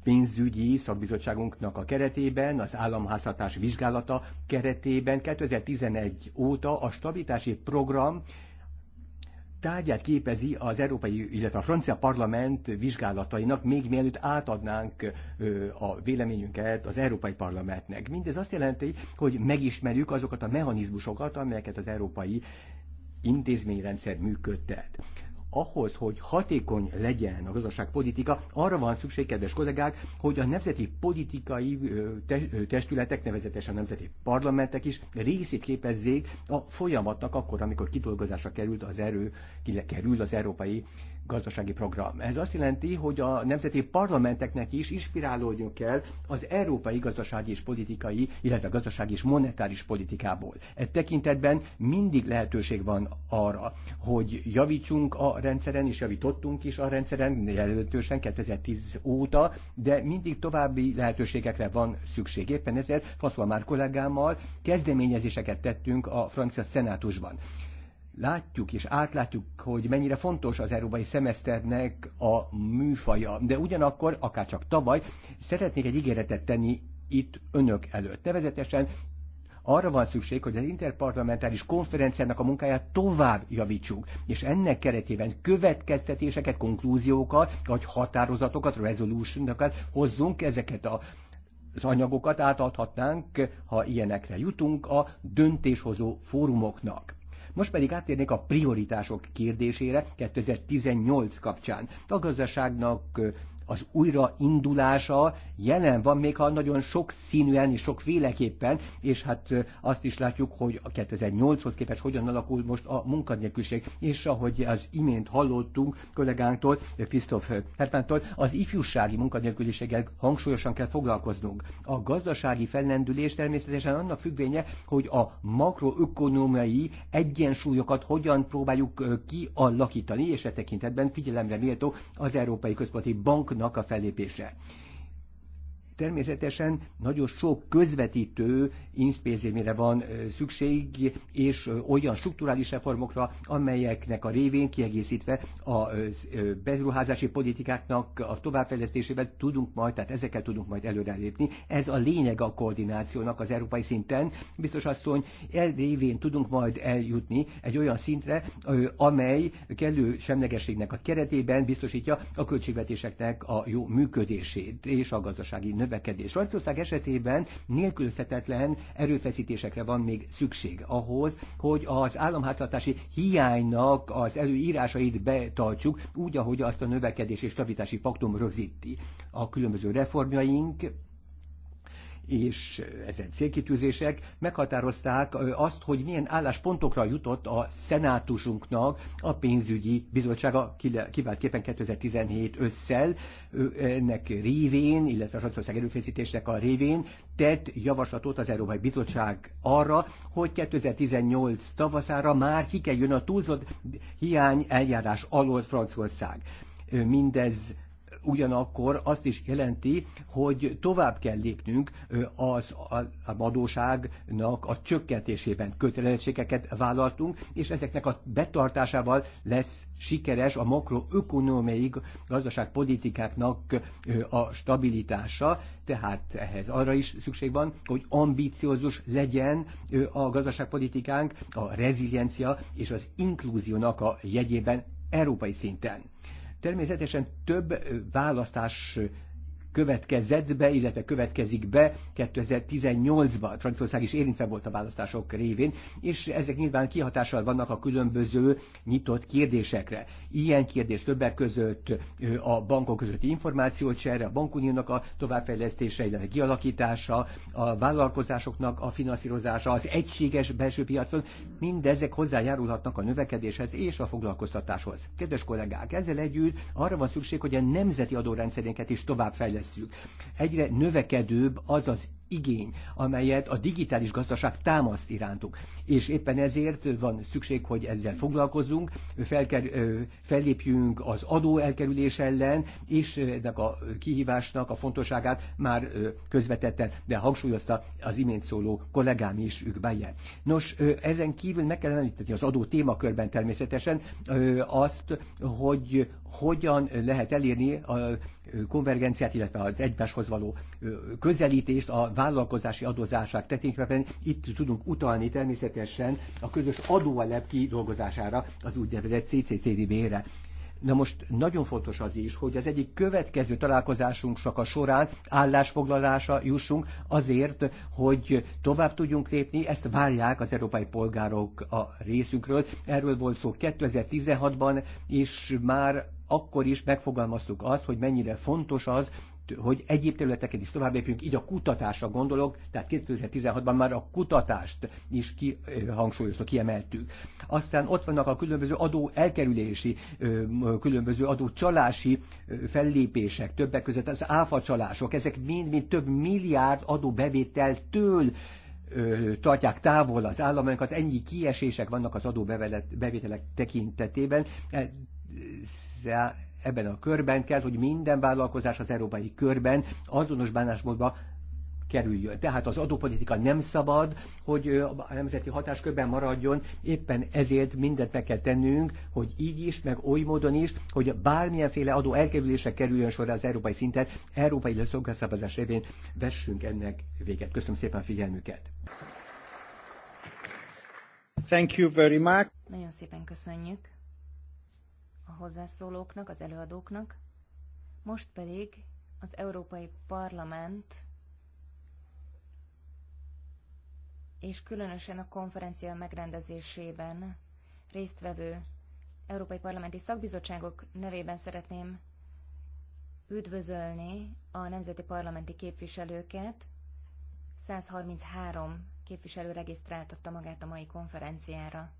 pénzügyi szakbizottságunknak a keretében, az államháztartás vizsgálata keretében 2011 óta a stabilitási program tárgyát képezi az európai, illetve a francia parlament vizsgálatainak, még mielőtt átadnánk a véleményünket az európai parlamentnek. Mindez azt jelenti, hogy megismerjük azokat a mechanizmusokat, amelyeket az európai intézményrendszer működtet ahhoz, hogy hatékony legyen a gazdaságpolitika, arra van szükség, kedves kollégák, hogy a nemzeti politikai testületek, nevezetesen a nemzeti parlamentek is részét képezzék a folyamatnak akkor, amikor kidolgozásra került az erő, kerül az európai gazdasági program. Ez azt jelenti, hogy a nemzeti parlamenteknek is inspirálódjon kell az európai gazdasági és politikai, illetve gazdasági és monetáris politikából. Egy tekintetben mindig lehetőség van arra, hogy javítsunk a rendszeren, és javítottunk is a rendszeren, jelentősen 2010 óta, de mindig további lehetőségekre van szükség. Éppen ezért Faszva már kollégámmal kezdeményezéseket tettünk a francia szenátusban látjuk és átlátjuk, hogy mennyire fontos az európai szemeszternek a műfaja. De ugyanakkor, akár csak tavaly, szeretnék egy ígéretet tenni itt önök előtt. Nevezetesen arra van szükség, hogy az interparlamentáris konferenciának a munkáját tovább javítsuk, és ennek keretében következtetéseket, konklúziókat, vagy határozatokat, resolution hozzunk, ezeket a az anyagokat átadhatnánk, ha ilyenekre jutunk, a döntéshozó fórumoknak. Most pedig áttérnék a prioritások kérdésére 2018 kapcsán. A gazdaságnak az újraindulása jelen van, még ha nagyon sok színűen és sok véleképpen, és hát azt is látjuk, hogy a 2008-hoz képest hogyan alakul most a munkanélküliség. És ahogy az imént hallottunk kollégánktól, Krisztóf Herpántól, az ifjúsági munkanélküliséggel hangsúlyosan kell foglalkoznunk. A gazdasági fellendülés természetesen annak függvénye, hogy a makroökonomiai egyensúlyokat hogyan próbáljuk kialakítani, és e tekintetben figyelemre méltó az Európai Központi Bank tagállamoknak a fellépése. Természetesen nagyon sok közvetítő inszpénzémére van szükség, és olyan strukturális reformokra, amelyeknek a révén kiegészítve a bezruházási politikáknak a továbbfejlesztésével tudunk majd, tehát ezekkel tudunk majd előrelépni. Ez a lényeg a koordinációnak az európai szinten. Biztos asszony, el révén tudunk majd eljutni egy olyan szintre, amely kellő semlegességnek a keretében biztosítja a költségvetéseknek a jó működését és a gazdasági növekedést növekedés. Franciaország esetében nélkülözhetetlen erőfeszítésekre van még szükség ahhoz, hogy az államháztartási hiánynak az előírásait betartsuk, úgy, ahogy azt a növekedés és stabilitási paktum rögzíti. A különböző reformjaink és ezen célkitűzések meghatározták azt, hogy milyen álláspontokra jutott a szenátusunknak a pénzügyi bizottsága kiváltképpen 2017 ősszel ennek révén, illetve a Franciaország erőfeszítésnek a révén tett javaslatot az Európai Bizottság arra, hogy 2018 tavaszára már ki kell jön a túlzott hiány eljárás alól Franciaország mindez ugyanakkor azt is jelenti, hogy tovább kell lépnünk az adóságnak a csökkentésében. Kötelezettségeket vállaltunk, és ezeknek a betartásával lesz sikeres a makroökonomiai gazdaságpolitikáknak a stabilitása, tehát ehhez arra is szükség van, hogy ambiciózus legyen a gazdaságpolitikánk, a reziliencia és az inkluziónak a jegyében európai szinten. Természetesen több választás következett be, illetve következik be 2018-ban. Franciaország is érintve volt a választások révén, és ezek nyilván kihatással vannak a különböző nyitott kérdésekre. Ilyen kérdés többek között a bankok közötti információcsere, a bankuniónak a továbbfejlesztése, illetve kialakítása, a vállalkozásoknak a finanszírozása, az egységes belső piacon, mindezek hozzájárulhatnak a növekedéshez és a foglalkoztatáshoz. Kedves kollégák, ezzel együtt arra van szükség, hogy a nemzeti adórendszerénket is továbbfejlesztjük érezzük. Egyre növekedőbb az az igény, amelyet a digitális gazdaság támaszt irántuk. És éppen ezért van szükség, hogy ezzel foglalkozunk, felker, fellépjünk az adó elkerülés ellen, és ennek a kihívásnak a fontosságát már közvetetten, de hangsúlyozta az imént szóló kollégám is, ők Ükbáje. Nos, ezen kívül meg kell említeni az adó témakörben természetesen azt, hogy hogyan lehet elérni a konvergenciát, illetve az egymáshoz való közelítést a vállalkozási adózásák tekintetében. Itt tudunk utalni természetesen a közös adóalap kidolgozására, az úgynevezett CCCDB-re. Na most nagyon fontos az is, hogy az egyik következő csak a során állásfoglalása jussunk azért, hogy tovább tudjunk lépni, ezt várják az európai polgárok a részünkről. Erről volt szó 2016-ban, és már akkor is megfogalmaztuk azt, hogy mennyire fontos az, hogy egyéb területeket is tovább lépjünk, így a kutatásra gondolok, tehát 2016-ban már a kutatást is kihangsúlyozva, kiemeltük. Aztán ott vannak a különböző adó elkerülési, különböző adó csalási fellépések, többek között az áfa csalások, ezek mind-mind több milliárd bevételtől tartják távol az államokat, ennyi kiesések vannak az adóbevételek tekintetében e, ezzel, ebben a körben kell, hogy minden vállalkozás az európai körben azonos bánásmódba kerüljön. Tehát az adópolitika nem szabad, hogy a nemzeti hatáskörben maradjon, éppen ezért mindent meg kell tennünk, hogy így is, meg oly módon is, hogy bármilyenféle adó elkerülése kerüljön sorra az európai szinten, európai leszolgálszabazás révén vessünk ennek véget. Köszönöm szépen a figyelmüket! Thank you very much. Nagyon szépen köszönjük a hozzászólóknak, az előadóknak. Most pedig az Európai Parlament és különösen a konferencia megrendezésében résztvevő Európai Parlamenti Szakbizottságok nevében szeretném üdvözölni a nemzeti parlamenti képviselőket. 133 képviselő regisztráltatta magát a mai konferenciára.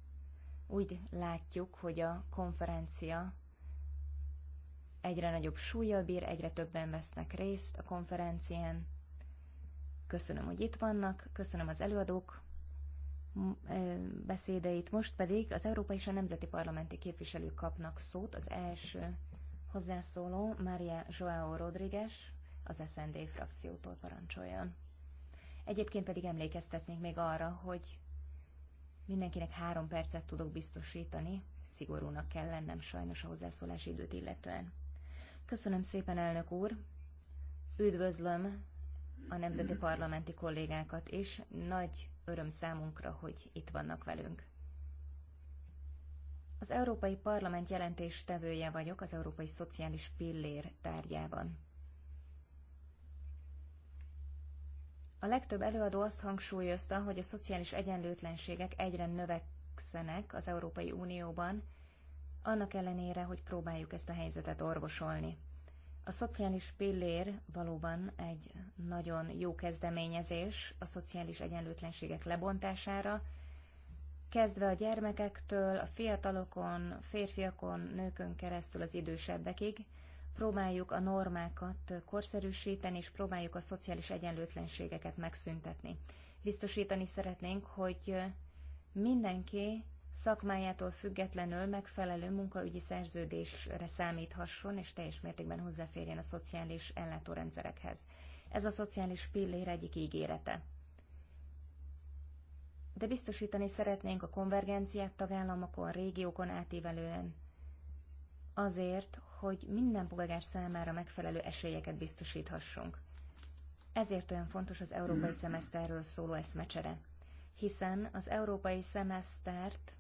Úgy látjuk, hogy a konferencia egyre nagyobb súlyjal bír, egyre többen vesznek részt a konferencián. Köszönöm, hogy itt vannak, köszönöm az előadók beszédeit. Most pedig az Európai és a Nemzeti Parlamenti képviselők kapnak szót. Az első hozzászóló Maria Joao Rodriguez az SND frakciótól parancsoljon. Egyébként pedig emlékeztetnék még arra, hogy Mindenkinek három percet tudok biztosítani, szigorúnak kell lennem sajnos a hozzászólás időt illetően. Köszönöm szépen, elnök úr! Üdvözlöm a nemzeti parlamenti kollégákat, és nagy öröm számunkra, hogy itt vannak velünk. Az Európai Parlament jelentéstevője vagyok az Európai Szociális Pillér tárgyában. A legtöbb előadó azt hangsúlyozta, hogy a szociális egyenlőtlenségek egyre növekszenek az Európai Unióban, annak ellenére, hogy próbáljuk ezt a helyzetet orvosolni. A szociális pillér valóban egy nagyon jó kezdeményezés a szociális egyenlőtlenségek lebontására, kezdve a gyermekektől, a fiatalokon, férfiakon, nőkön keresztül az idősebbekig, próbáljuk a normákat korszerűsíteni, és próbáljuk a szociális egyenlőtlenségeket megszüntetni. Biztosítani szeretnénk, hogy mindenki szakmájától függetlenül megfelelő munkaügyi szerződésre számíthasson, és teljes mértékben hozzáférjen a szociális ellátórendszerekhez. Ez a szociális pillér egyik ígérete. De biztosítani szeretnénk a konvergenciát tagállamokon, régiókon átívelően, azért, hogy minden polgár számára megfelelő esélyeket biztosíthassunk. Ezért olyan fontos az európai szemeszterről szóló eszmecsere, hiszen az európai szemesztert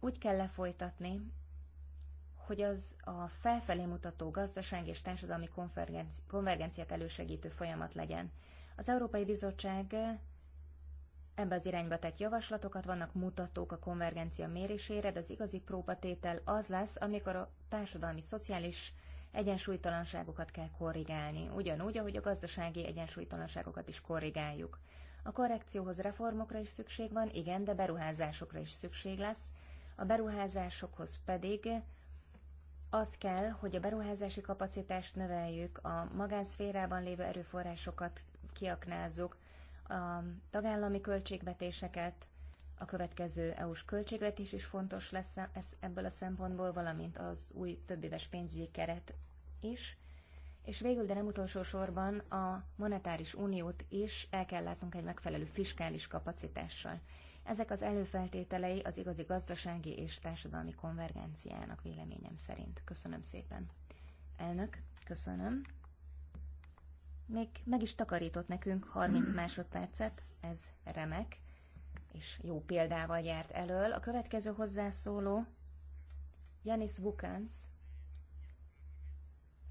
úgy kell lefolytatni, hogy az a felfelé mutató gazdaság és társadalmi konvergenciát elősegítő folyamat legyen. Az Európai Bizottság Ebbe az irányba tett javaslatokat vannak mutatók a konvergencia mérésére, de az igazi próbatétel az lesz, amikor a társadalmi-szociális egyensúlytalanságokat kell korrigálni, ugyanúgy, ahogy a gazdasági egyensúlytalanságokat is korrigáljuk. A korrekcióhoz reformokra is szükség van, igen, de beruházásokra is szükség lesz, a beruházásokhoz pedig az kell, hogy a beruházási kapacitást növeljük, a magánszférában lévő erőforrásokat kiaknázzuk, a tagállami költségvetéseket, a következő EU-s költségvetés is fontos lesz e- ebből a szempontból, valamint az új többéves pénzügyi keret is. És végül, de nem utolsó sorban a monetáris uniót is el kell látnunk egy megfelelő fiskális kapacitással. Ezek az előfeltételei az igazi gazdasági és társadalmi konvergenciának véleményem szerint. Köszönöm szépen. Elnök, köszönöm még meg is takarított nekünk 30 másodpercet, ez remek, és jó példával járt elől. A következő hozzászóló Janis Vukans,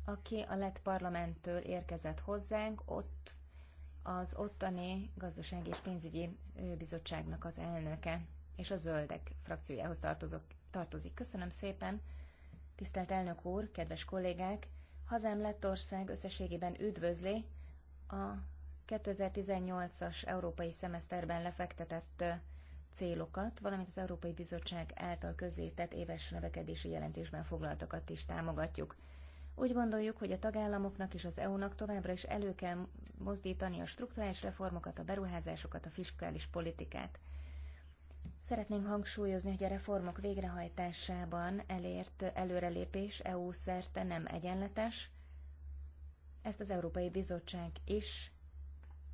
aki a lett parlamenttől érkezett hozzánk, ott az ottani gazdasági és pénzügyi bizottságnak az elnöke, és a zöldek frakciójához tartozik. Köszönöm szépen, tisztelt elnök úr, kedves kollégák! Hazám Lettország összességében üdvözli a 2018-as európai szemeszterben lefektetett célokat, valamint az Európai Bizottság által közzétett éves növekedési jelentésben foglaltakat is támogatjuk. Úgy gondoljuk, hogy a tagállamoknak és az EU-nak továbbra is elő kell mozdítani a struktúrális reformokat, a beruházásokat, a fiskális politikát. Szeretnénk hangsúlyozni, hogy a reformok végrehajtásában elért előrelépés EU szerte nem egyenletes. Ezt az Európai Bizottság is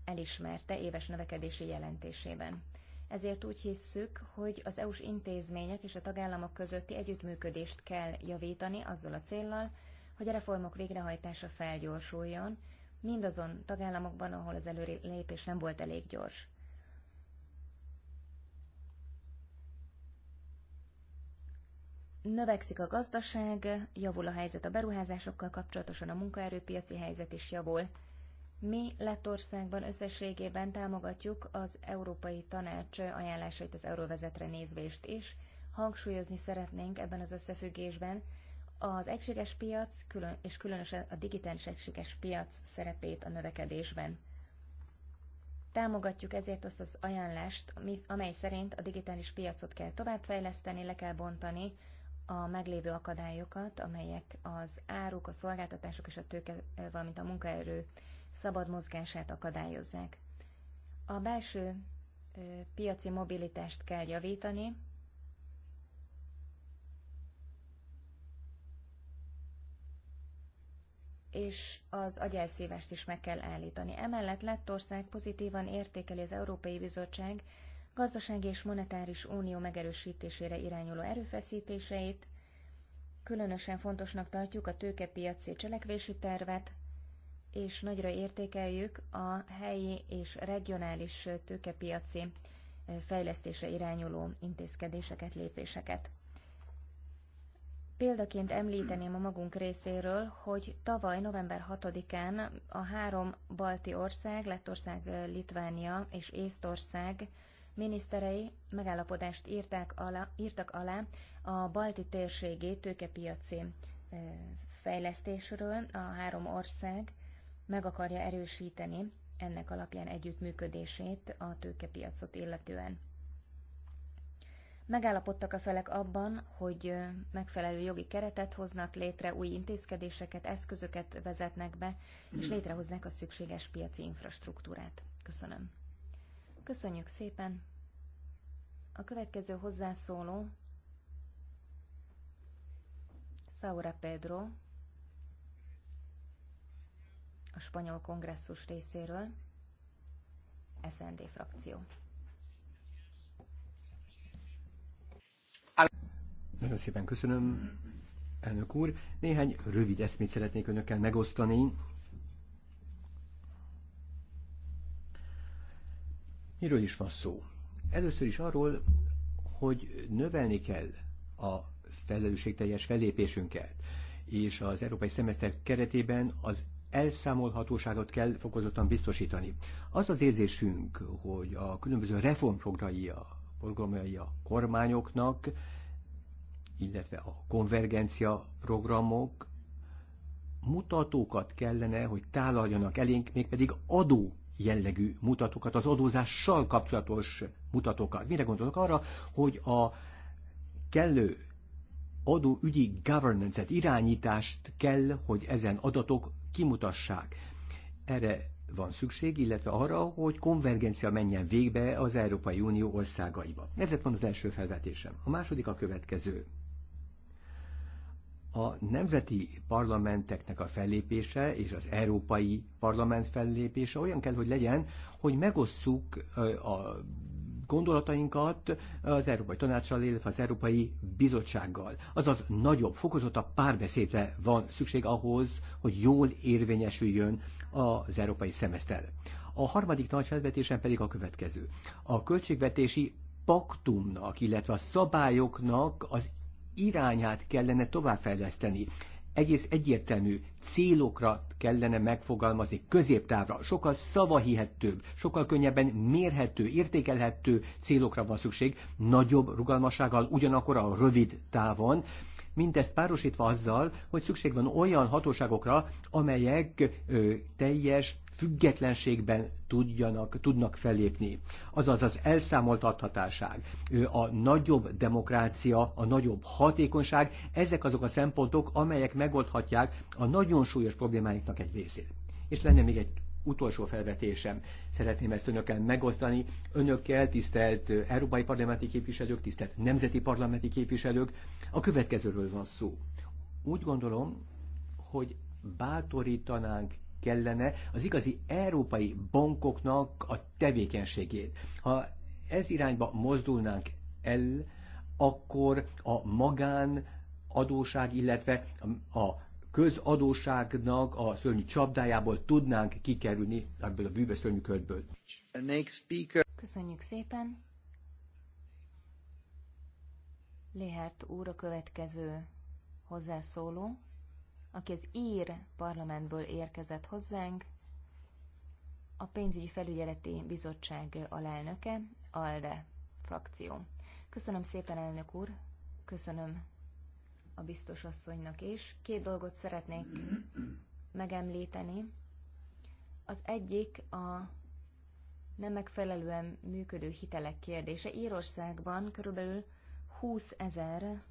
elismerte éves növekedési jelentésében. Ezért úgy hisszük, hogy az EU-s intézmények és a tagállamok közötti együttműködést kell javítani azzal a céllal, hogy a reformok végrehajtása felgyorsuljon, mindazon tagállamokban, ahol az előrelépés nem volt elég gyors. Növekszik a gazdaság, javul a helyzet a beruházásokkal kapcsolatosan, a munkaerőpiaci helyzet is javul. Mi Lettországban összességében támogatjuk az Európai Tanács ajánlásait az euróvezetre nézvést is. Hangsúlyozni szeretnénk ebben az összefüggésben az egységes piac, külön, és különösen a digitális egységes piac szerepét a növekedésben. Támogatjuk ezért azt az ajánlást, amely szerint a digitális piacot kell továbbfejleszteni, le kell bontani a meglévő akadályokat, amelyek az áruk, a szolgáltatások és a tőke, valamint a munkaerő szabad mozgását akadályozzák. A belső piaci mobilitást kell javítani, és az agyelszívást is meg kell állítani. Emellett Lettország pozitívan értékeli az Európai Bizottság gazdasági és monetáris unió megerősítésére irányuló erőfeszítéseit, különösen fontosnak tartjuk a tőkepiaci cselekvési tervet, és nagyra értékeljük a helyi és regionális tőkepiaci eh, fejlesztésre irányuló intézkedéseket, lépéseket. Példaként említeném a magunk részéről, hogy tavaly november 6-án a három balti ország, Lettország, Litvánia és Észtország miniszterei megállapodást írtak alá, írtak alá a balti térségé tőkepiaci e, fejlesztésről. A három ország meg akarja erősíteni ennek alapján együttműködését a tőkepiacot illetően. Megállapodtak a felek abban, hogy e, megfelelő jogi keretet hoznak létre, új intézkedéseket, eszközöket vezetnek be, és létrehozzák a szükséges piaci infrastruktúrát. Köszönöm. Köszönjük szépen! A következő hozzászóló Saura Pedro a spanyol kongresszus részéről, SND frakció. Nagyon szépen köszönöm, elnök úr. Néhány rövid eszmét szeretnék önökkel megosztani Miről is van szó? Először is arról, hogy növelni kell a felelősségteljes fellépésünket, és az európai szemeszter keretében az elszámolhatóságot kell fokozottan biztosítani. Az az érzésünk, hogy a különböző reformprogramjai a, programjai a kormányoknak, illetve a konvergencia programok mutatókat kellene, hogy tálaljanak elénk, mégpedig adó jellegű mutatókat, az adózással kapcsolatos mutatókat. Mire gondolok arra, hogy a kellő adóügyi governance-et, irányítást kell, hogy ezen adatok kimutassák. Erre van szükség, illetve arra, hogy konvergencia menjen végbe az Európai Unió országaiba. Ez van az első felvetésem. A második a következő a nemzeti parlamenteknek a fellépése és az európai parlament fellépése olyan kell, hogy legyen, hogy megosszuk a gondolatainkat az Európai Tanácssal, illetve az Európai Bizottsággal. Azaz nagyobb, fokozottabb párbeszédre van szükség ahhoz, hogy jól érvényesüljön az európai szemeszter. A harmadik nagy felvetésem pedig a következő. A költségvetési paktumnak, illetve a szabályoknak az irányát kellene továbbfejleszteni. Egész egyértelmű célokra kellene megfogalmazni középtávra, sokkal szavahihettőbb, sokkal könnyebben mérhető, értékelhető célokra van szükség, nagyobb rugalmassággal ugyanakkor a rövid távon, mindezt párosítva azzal, hogy szükség van olyan hatóságokra, amelyek ö, teljes függetlenségben tudjanak, tudnak fellépni. Azaz az elszámoltathatáság, a nagyobb demokrácia, a nagyobb hatékonyság, ezek azok a szempontok, amelyek megoldhatják a nagyon súlyos problémáiknak egy részét. És lenne még egy utolsó felvetésem. Szeretném ezt önökkel megosztani. Önökkel, tisztelt európai parlamenti képviselők, tisztelt nemzeti parlamenti képviselők, a következőről van szó. Úgy gondolom, hogy bátorítanánk kellene az igazi európai bankoknak a tevékenységét. Ha ez irányba mozdulnánk el, akkor a magán adóság, illetve a közadóságnak a szörnyű csapdájából tudnánk kikerülni ebből a bűvös szörnyű körből. Köszönjük szépen! Léhert úr a következő hozzászóló aki az ír parlamentből érkezett hozzánk, a pénzügyi felügyeleti bizottság alelnöke, ALDE frakció. Köszönöm szépen, elnök úr, köszönöm a biztos asszonynak is. Két dolgot szeretnék megemlíteni. Az egyik a nem megfelelően működő hitelek kérdése. Írországban körülbelül 20 ezer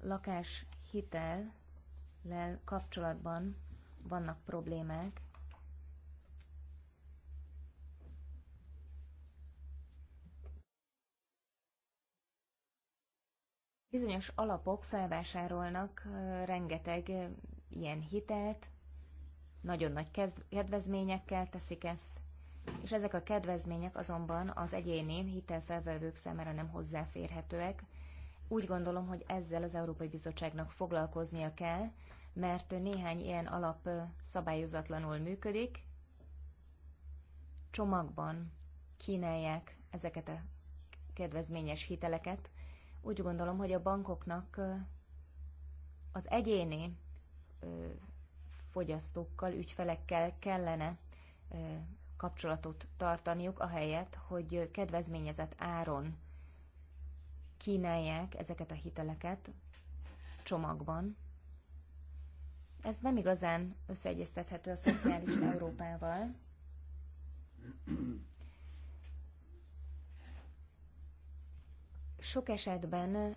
lakás hitellel kapcsolatban vannak problémák. Bizonyos alapok felvásárolnak rengeteg ilyen hitelt, nagyon nagy kedvezményekkel teszik ezt, és ezek a kedvezmények azonban az egyéni hitelfelvevők számára nem hozzáférhetőek, úgy gondolom, hogy ezzel az Európai Bizottságnak foglalkoznia kell, mert néhány ilyen alap szabályozatlanul működik, csomagban kínálják ezeket a kedvezményes hiteleket. Úgy gondolom, hogy a bankoknak az egyéni fogyasztókkal, ügyfelekkel kellene kapcsolatot tartaniuk, ahelyett, hogy kedvezményezett áron kínálják ezeket a hiteleket csomagban. Ez nem igazán összeegyeztethető a szociális Európával. Sok esetben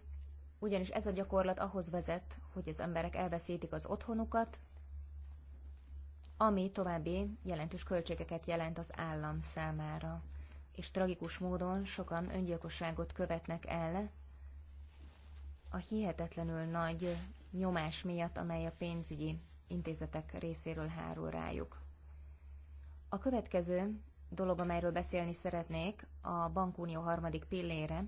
ugyanis ez a gyakorlat ahhoz vezet, hogy az emberek elveszítik az otthonukat, ami további jelentős költségeket jelent az állam számára és tragikus módon sokan öngyilkosságot követnek el a hihetetlenül nagy nyomás miatt, amely a pénzügyi intézetek részéről hárul rájuk. A következő dolog, amelyről beszélni szeretnék, a bankunió harmadik pillére,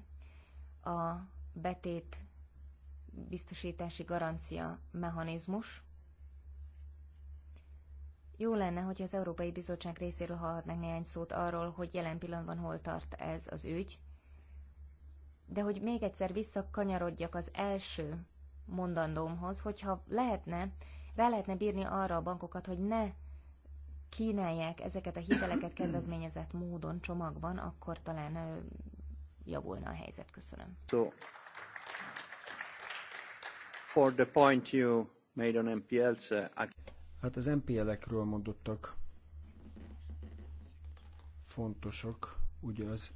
a betét biztosítási garancia mechanizmus, jó lenne, hogy az Európai Bizottság részéről hallhatnánk néhány szót arról, hogy jelen pillanatban hol tart ez az ügy. De hogy még egyszer visszakanyarodjak az első mondandómhoz, hogyha lehetne, rá lehetne bírni arra a bankokat, hogy ne kínálják ezeket a hiteleket kedvezményezett módon csomagban, akkor talán javulna a helyzet. Köszönöm. So, for the point you made on MPLs, uh, Hát az MPL-ekről mondottak fontosak, ugye az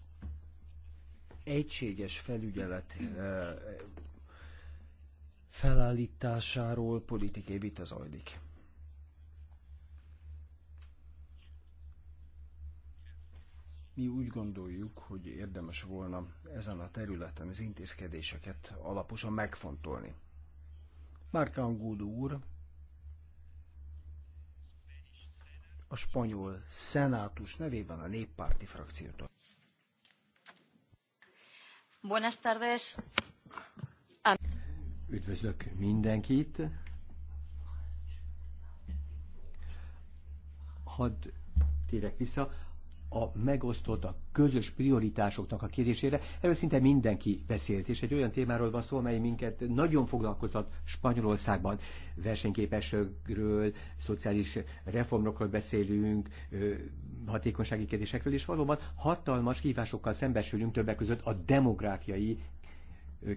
egységes felügyelet eh, felállításáról politikai vita zajlik. Mi úgy gondoljuk, hogy érdemes volna ezen a területen az intézkedéseket alaposan megfontolni. Márkán Gúdú úr a spanyol szenátus nevében a néppárti frakciótól. Buenas tardes. Üdvözlök mindenkit. Hadd térek vissza a megosztott, a közös prioritásoknak a kérdésére. Erről szinte mindenki beszélt, és egy olyan témáról van szó, amely minket nagyon foglalkoztat Spanyolországban. Versenyképességről, szociális reformokról beszélünk, hatékonysági kérdésekről, és valóban hatalmas kihívásokkal szembesülünk többek között a demográfiai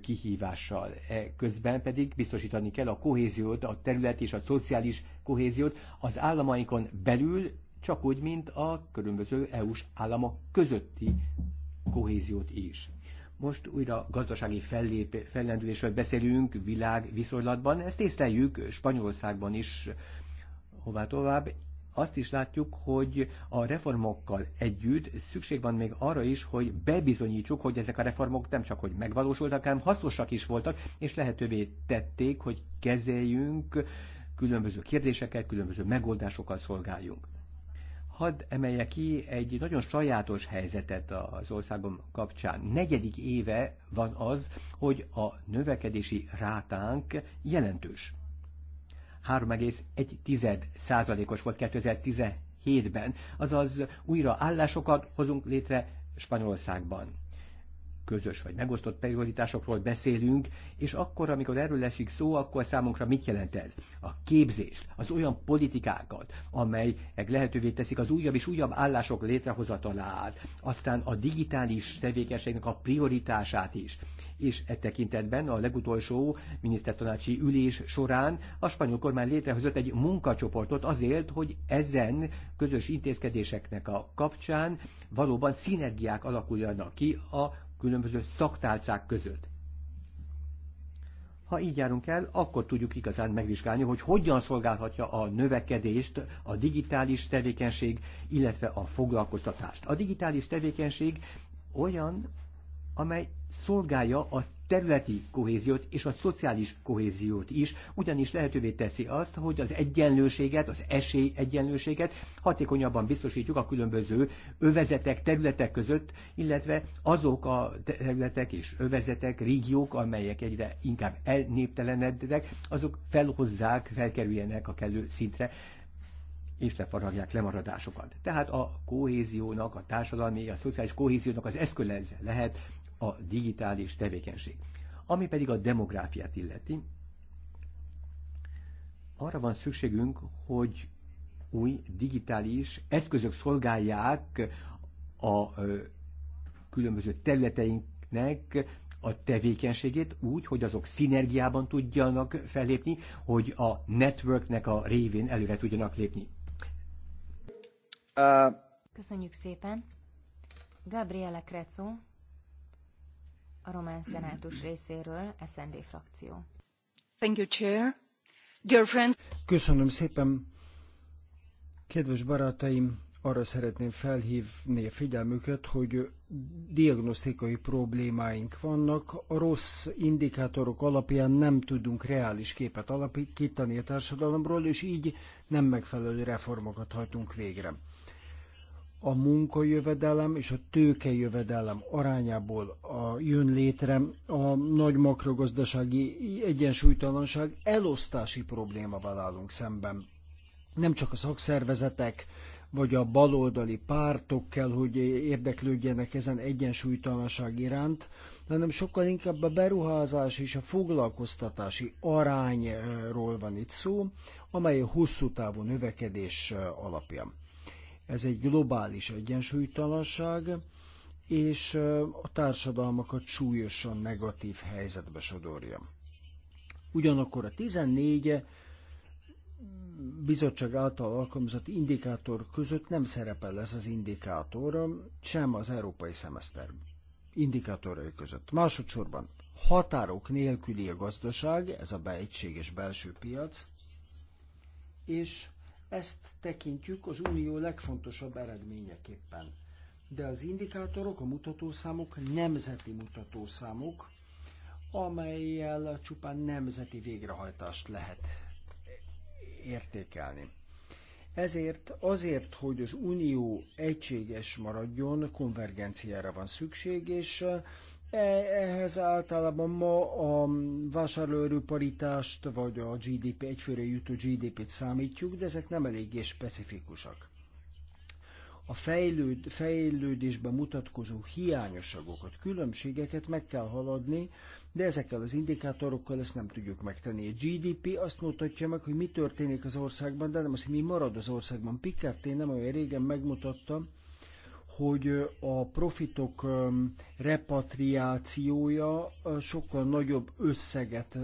kihívással. E közben pedig biztosítani kell a kohéziót, a terület és a szociális kohéziót az államainkon belül csak úgy, mint a különböző EU-s államok közötti kohéziót is. Most újra gazdasági fellép, fellendülésről beszélünk világviszonylatban, ezt észleljük Spanyolországban is, hová tovább. Azt is látjuk, hogy a reformokkal együtt szükség van még arra is, hogy bebizonyítsuk, hogy ezek a reformok nem csak hogy megvalósultak, hanem hasznosak is voltak, és lehetővé tették, hogy kezeljünk különböző kérdéseket, különböző megoldásokkal szolgáljunk. Hadd emelje ki egy nagyon sajátos helyzetet az országom kapcsán. Negyedik éve van az, hogy a növekedési rátánk jelentős. 3,1 százalékos volt 2017-ben, azaz újra állásokat hozunk létre Spanyolországban közös vagy megosztott prioritásokról beszélünk, és akkor, amikor erről esik szó, akkor számunkra mit jelent ez? A képzést, az olyan politikákat, amelyek lehetővé teszik az újabb és újabb állások létrehozatalát, aztán a digitális tevékenységnek a prioritását is. És e tekintetben a legutolsó minisztertanácsi ülés során a spanyol kormány létrehozott egy munkacsoportot azért, hogy ezen közös intézkedéseknek a kapcsán valóban szinergiák alakuljanak ki a különböző szaktálcák között. Ha így járunk el, akkor tudjuk igazán megvizsgálni, hogy hogyan szolgálhatja a növekedést a digitális tevékenység, illetve a foglalkoztatást. A digitális tevékenység olyan, amely szolgálja a területi kohéziót és a szociális kohéziót is, ugyanis lehetővé teszi azt, hogy az egyenlőséget, az esély egyenlőséget hatékonyabban biztosítjuk a különböző övezetek, területek között, illetve azok a területek és övezetek, régiók, amelyek egyre inkább elnéptelenednek, azok felhozzák, felkerüljenek a kellő szintre, és lefaragják lemaradásokat. Tehát a kohéziónak, a társadalmi, a szociális kohéziónak az eszköze lehet a digitális tevékenység. Ami pedig a demográfiát illeti, arra van szükségünk, hogy új digitális eszközök szolgálják a különböző területeinknek a tevékenységét úgy, hogy azok szinergiában tudjanak fellépni, hogy a networknek a révén előre tudjanak lépni. Uh... Köszönjük szépen. Gabriele Creco a román szenátus részéről SND frakció. Thank you, Chair. Dear friends. Köszönöm szépen. Kedves barátaim, arra szeretném felhívni a figyelmüket, hogy diagnosztikai problémáink vannak. A rossz indikátorok alapján nem tudunk reális képet alapítani a társadalomról, és így nem megfelelő reformokat hajtunk végre a munkajövedelem és a tőkejövedelem arányából a, jön létre a nagy makrogazdasági egyensúlytalanság elosztási problémával állunk szemben. Nem csak a szakszervezetek vagy a baloldali pártok kell, hogy érdeklődjenek ezen egyensúlytalanság iránt, hanem sokkal inkább a beruházás és a foglalkoztatási arányról van itt szó, amely a hosszú távú növekedés alapja. Ez egy globális egyensúlytalanság, és a társadalmakat súlyosan negatív helyzetbe sodorja. Ugyanakkor a 14 bizottság által alkalmazott indikátor között nem szerepel ez az indikátor, sem az európai szemeszter indikátorai között. Másodszorban határok nélküli a gazdaság, ez a beegységes belső piac, és ezt tekintjük az unió legfontosabb eredményeképpen. De az indikátorok, a mutatószámok nemzeti mutatószámok, amelyel csupán nemzeti végrehajtást lehet értékelni. Ezért azért, hogy az unió egységes maradjon, konvergenciára van szükség, és E, ehhez általában ma a vásárlóerőparitást vagy a GDP egyfőre jutó GDP-t számítjuk, de ezek nem eléggé specifikusak. A fejlőd, fejlődésben mutatkozó hiányosságokat, különbségeket meg kell haladni, de ezekkel az indikátorokkal ezt nem tudjuk megtenni. A GDP azt mutatja meg, hogy mi történik az országban, de nem az, hogy mi marad az országban. Pikerté nem olyan régen megmutatta, hogy a profitok repatriációja sokkal nagyobb összeget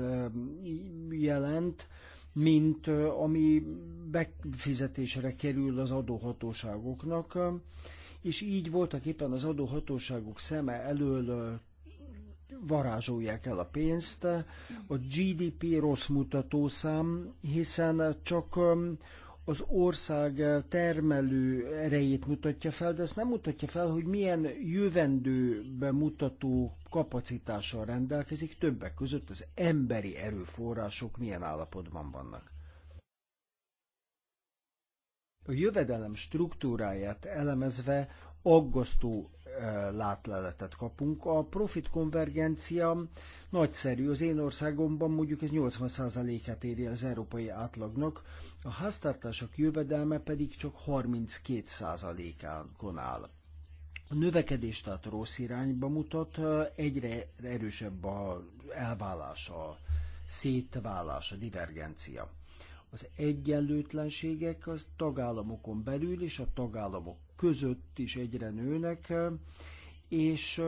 jelent, mint ami befizetésre kerül az adóhatóságoknak, és így voltak éppen az adóhatóságok szeme elől varázsolják el a pénzt. A GDP rossz mutatószám, hiszen csak az ország termelő erejét mutatja fel, de ezt nem mutatja fel, hogy milyen jövendőbe mutató kapacitással rendelkezik, többek között az emberi erőforrások milyen állapotban vannak. A jövedelem struktúráját elemezve aggasztó látleletet kapunk. A profit konvergencia nagyszerű. Az én országomban mondjuk ez 80%-át éri az európai átlagnak, a háztartások jövedelme pedig csak 32%-án áll. A növekedés tehát rossz irányba mutat, egyre erősebb a elválás, a szétválás, a divergencia. Az egyenlőtlenségek az tagállamokon belül és a tagállamok között is egyre nőnek, és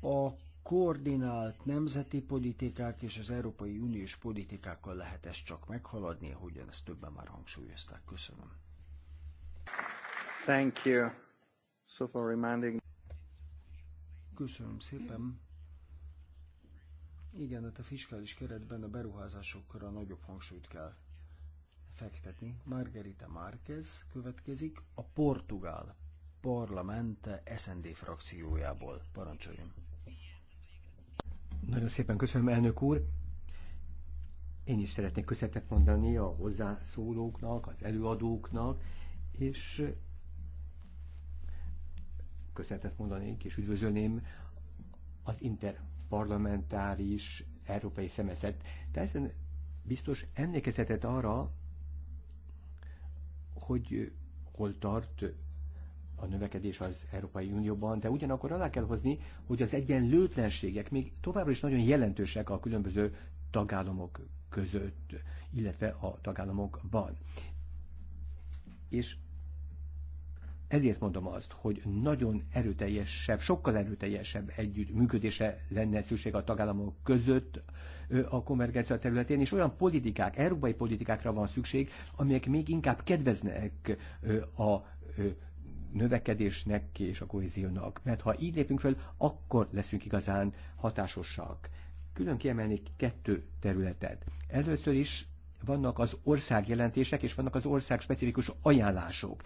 a koordinált nemzeti politikák és az Európai Uniós politikákkal lehet ezt csak meghaladni, ahogyan ezt többen már hangsúlyozták. Köszönöm. Thank you. So for reminding... Köszönöm szépen. Igen, hát a fiskális keretben a beruházásokra nagyobb hangsúlyt kell fektetni. Margarita Márquez következik a portugál parlament SND frakciójából. Parancsoljon! Nagyon szépen köszönöm, elnök úr! Én is szeretnék köszönetet mondani a hozzászólóknak, az előadóknak, és köszönetet mondanék, és üdvözölném az interparlamentáris európai szemeszet. Tehát biztos emlékezetet arra, hogy hol tart a növekedés az Európai Unióban, de ugyanakkor alá kell hozni, hogy az egyenlőtlenségek még továbbra is nagyon jelentősek a különböző tagállamok között, illetve a tagállamokban. És ezért mondom azt, hogy nagyon erőteljesebb, sokkal erőteljesebb együttműködése lenne szükség a tagállamok között a konvergencia területén, és olyan politikák, európai politikákra van szükség, amelyek még inkább kedveznek a növekedésnek és a kohéziónak. Mert ha így lépünk fel, akkor leszünk igazán hatásosak. Külön kiemelnék kettő területet. Először is vannak az országjelentések, és vannak az ország specifikus ajánlások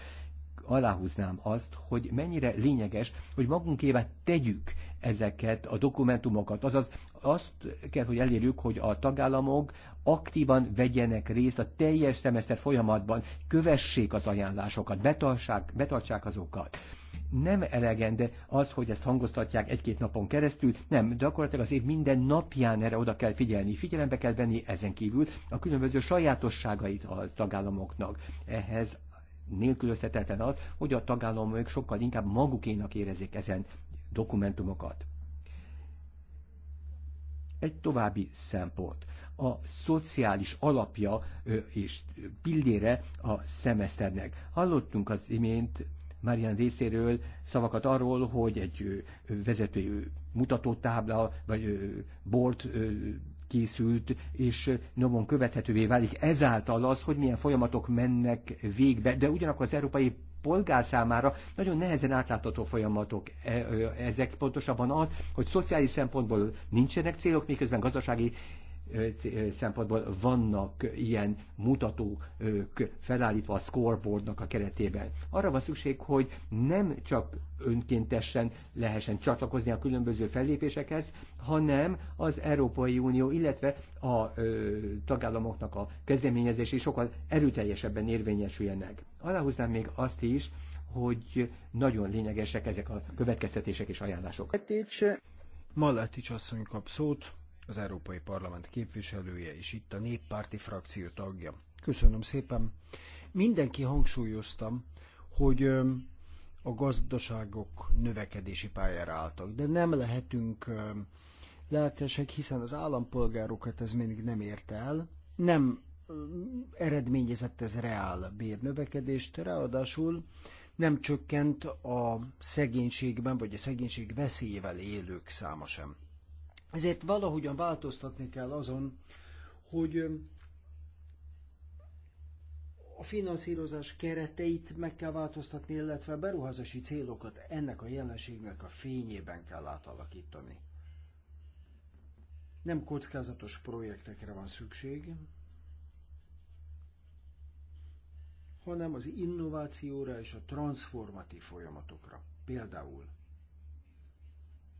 aláhúznám azt, hogy mennyire lényeges, hogy magunkével tegyük ezeket a dokumentumokat. Azaz azt kell, hogy elérjük, hogy a tagállamok aktívan vegyenek részt a teljes szemeszter folyamatban, kövessék az ajánlásokat, betartsák, betartsák azokat nem elegende az, hogy ezt hangoztatják egy-két napon keresztül, nem, gyakorlatilag az év minden napján erre oda kell figyelni, figyelembe kell venni ezen kívül a különböző sajátosságait a tagállamoknak. Ehhez nélkülözhetetlen az, hogy a tagállamok sokkal inkább magukénak érezzék ezen dokumentumokat. Egy további szempont. A szociális alapja és pillére a szemeszternek. Hallottunk az imént Marian részéről szavakat arról, hogy egy vezető mutatótábla vagy board készült, és nyomon követhetővé válik ezáltal az, hogy milyen folyamatok mennek végbe, de ugyanakkor az európai polgár számára nagyon nehezen átlátható folyamatok e, ezek, pontosabban az, hogy szociális szempontból nincsenek célok, miközben gazdasági szempontból vannak ilyen mutatók felállítva a scoreboardnak a keretében. Arra van szükség, hogy nem csak önkéntesen lehessen csatlakozni a különböző fellépésekhez, hanem az Európai Unió, illetve a ö, tagállamoknak a kezdeményezési sokkal erőteljesebben érvényesüljenek. Aláhúznám még azt is, hogy nagyon lényegesek ezek a következtetések és ajánlások. Maletics asszony kap szót az Európai Parlament képviselője, és itt a néppárti frakció tagja. Köszönöm szépen. Mindenki hangsúlyoztam, hogy a gazdaságok növekedési pályára álltak, de nem lehetünk lelkesek, hiszen az állampolgárokat ez még nem ért el, nem eredményezett ez reál bérnövekedést, ráadásul nem csökkent a szegénységben vagy a szegénység veszélyével élők száma sem. Ezért valahogyan változtatni kell azon, hogy a finanszírozás kereteit meg kell változtatni, illetve a beruházási célokat ennek a jelenségnek a fényében kell átalakítani. Nem kockázatos projektekre van szükség, hanem az innovációra és a transformatív folyamatokra. Például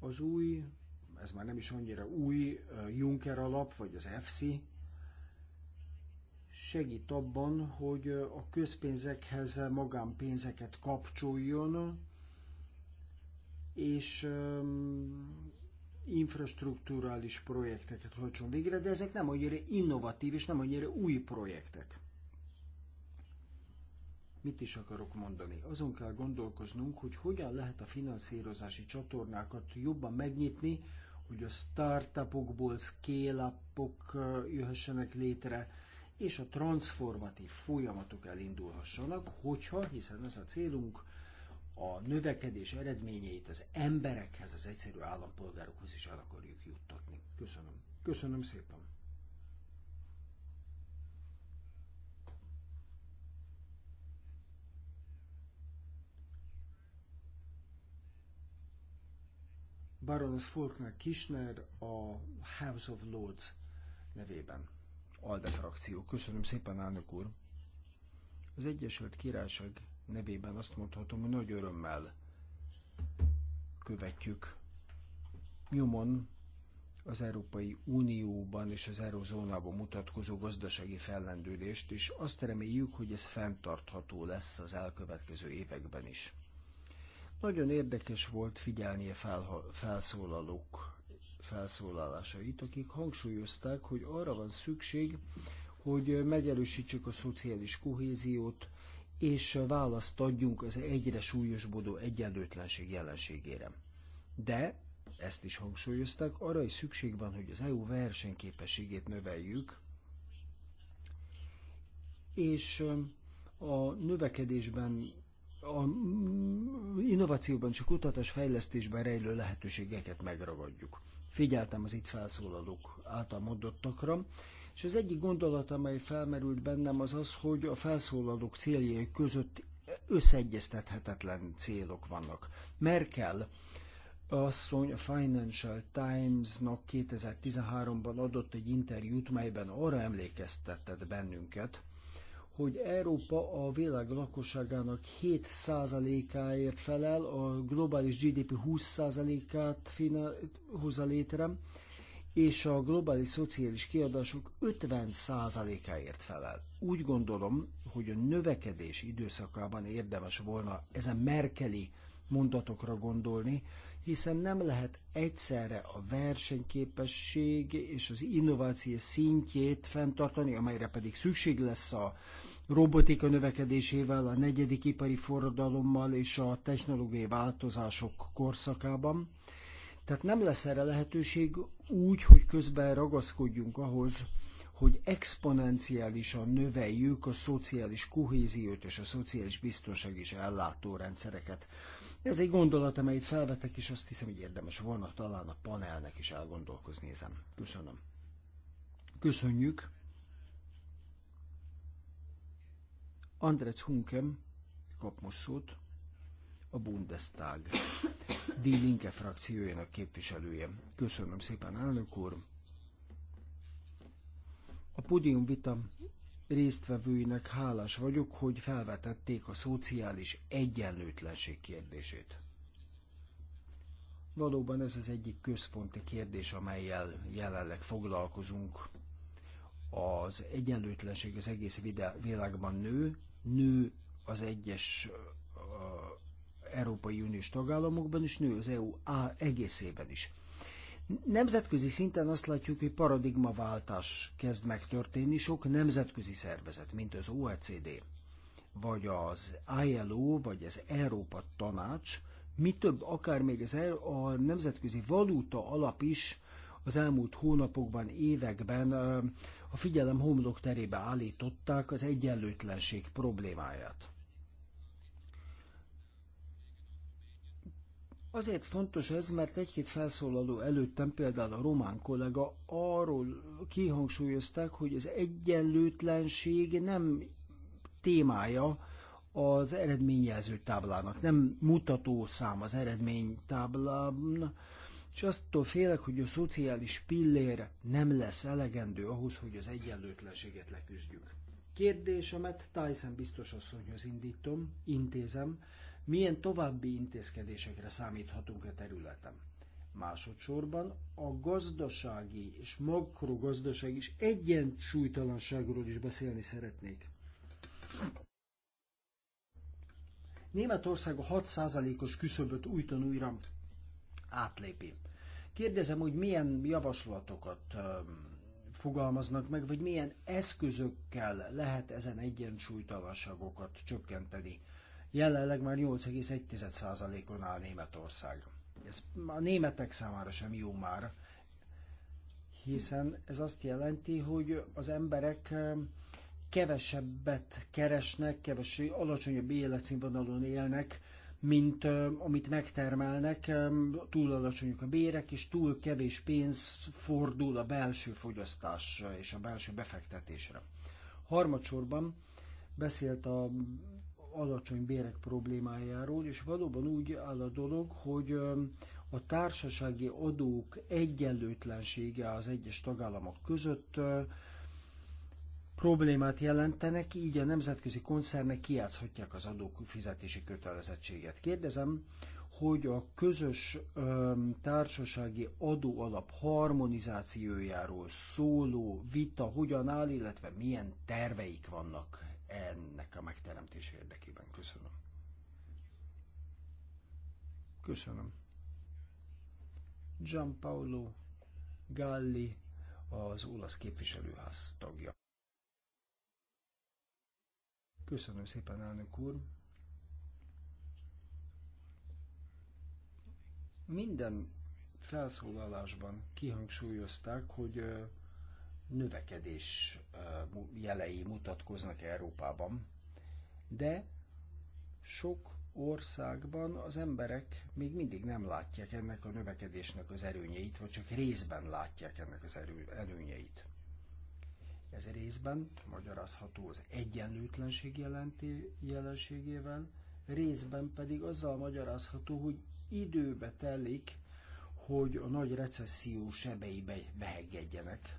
az új ez már nem is annyira új, Juncker alap, vagy az EFSI, segít abban, hogy a közpénzekhez magánpénzeket kapcsoljon, és infrastruktúrális projekteket hajtson végre, de ezek nem annyira innovatív és nem annyira új projektek. Mit is akarok mondani? Azon kell gondolkoznunk, hogy hogyan lehet a finanszírozási csatornákat jobban megnyitni, hogy a startupokból scale-upok jöhessenek létre, és a transformatív folyamatok elindulhassanak, hogyha, hiszen ez a célunk, a növekedés eredményeit az emberekhez, az egyszerű állampolgárokhoz is el akarjuk juttatni. Köszönöm. Köszönöm szépen. Baroness Faulkner Kisner a House of Lords nevében. ALDE frakció. Köszönöm szépen, elnök úr. Az Egyesült Királyság nevében azt mondhatom, hogy nagy örömmel követjük nyomon az Európai Unióban és az Eurozónában mutatkozó gazdasági fellendődést, és azt reméljük, hogy ez fenntartható lesz az elkövetkező években is. Nagyon érdekes volt figyelni a felszólalók felszólalásait, akik hangsúlyozták, hogy arra van szükség, hogy megerősítsük a szociális kohéziót, és választ adjunk az egyre súlyosbodó egyenlőtlenség jelenségére. De, ezt is hangsúlyozták, arra is szükség van, hogy az EU versenyképességét növeljük, és a növekedésben a mm, innovációban és a kutatás fejlesztésben rejlő lehetőségeket megragadjuk. Figyeltem az itt felszólalók által mondottakra, és az egyik gondolat, amely felmerült bennem, az az, hogy a felszólalók céljai között összeegyeztethetetlen célok vannak. Merkel asszony a Financial Times-nak 2013-ban adott egy interjút, melyben arra emlékeztetett bennünket, hogy Európa a világ lakosságának 7%-áért felel, a globális GDP 20%-át hozza létre, és a globális szociális kiadások 50%-áért felel. Úgy gondolom, hogy a növekedés időszakában érdemes volna ezen merkeli mondatokra gondolni, hiszen nem lehet egyszerre a versenyképesség és az innováció szintjét fenntartani, amelyre pedig szükség lesz a robotika növekedésével, a negyedik ipari forradalommal és a technológiai változások korszakában. Tehát nem lesz erre lehetőség úgy, hogy közben ragaszkodjunk ahhoz, hogy exponenciálisan növeljük a szociális kohéziót és a szociális biztonság és ellátórendszereket. Ez egy gondolat, amelyet felvetek, és azt hiszem, hogy érdemes volna talán a panelnek is elgondolkozni ezen. Köszönöm. Köszönjük. Andrec Hunkem kap most szót, a Bundestag Die Linke frakciójának képviselője. Köszönöm szépen, elnök úr! A podium vita résztvevőinek hálás vagyok, hogy felvetették a szociális egyenlőtlenség kérdését. Valóban ez az egyik központi kérdés, amelyel jelenleg foglalkozunk. Az egyenlőtlenség az egész világban nő, nő az egyes uh, Európai Uniós tagállamokban, is nő az EU egészében is. Nemzetközi szinten azt látjuk, hogy paradigmaváltás kezd megtörténni sok nemzetközi szervezet, mint az OECD, vagy az ILO, vagy az Európa Tanács, mi több, akár még az, e a nemzetközi valuta alap is az elmúlt hónapokban, években uh, a figyelem homlok terébe állították az egyenlőtlenség problémáját. Azért fontos ez, mert egy-két felszólaló előttem, például a román kollega, arról kihangsúlyozták, hogy az egyenlőtlenség nem témája az eredményjelző táblának, nem mutató szám az eredménytáblán, és attól félek, hogy a szociális pillér nem lesz elegendő ahhoz, hogy az egyenlőtlenséget leküzdjük. Kérdésemet Tyson biztos asszonyhoz indítom, intézem, milyen további intézkedésekre számíthatunk a e területen. Másodszorban a gazdasági és makrogazdaság is egyensúlytalanságról is beszélni szeretnék. Németország a 6%-os küszöböt újtan újra átlépi. Kérdezem, hogy milyen javaslatokat fogalmaznak meg, vagy milyen eszközökkel lehet ezen egyensúlytalanságokat csökkenteni. Jelenleg már 8,1%-on áll Németország. Ez a németek számára sem jó már, hiszen ez azt jelenti, hogy az emberek kevesebbet keresnek, kevesebb, alacsonyabb életszínvonalon élnek, mint amit megtermelnek, túl alacsonyak a bérek, és túl kevés pénz fordul a belső fogyasztásra és a belső befektetésre. Harmadsorban beszélt a alacsony bérek problémájáról, és valóban úgy áll a dolog, hogy a társasági adók egyenlőtlensége az egyes tagállamok között problémát jelentenek, így a nemzetközi koncernek kiátszhatják az adók fizetési kötelezettséget. Kérdezem, hogy a közös ö, társasági adóalap harmonizációjáról szóló vita hogyan áll, illetve milyen terveik vannak ennek a megteremtése érdekében. Köszönöm. Köszönöm. Gianpaolo Galli, az olasz képviselőház tagja. Köszönöm szépen, elnök úr. Minden felszólalásban kihangsúlyozták, hogy növekedés jelei mutatkoznak Európában, de sok országban az emberek még mindig nem látják ennek a növekedésnek az erőnyeit, vagy csak részben látják ennek az erő, előnyeit. Ez részben magyarázható az egyenlőtlenség jelenti, jelenségével, részben pedig azzal magyarázható, hogy időbe telik, hogy a nagy recesszió sebeibe behegedjenek.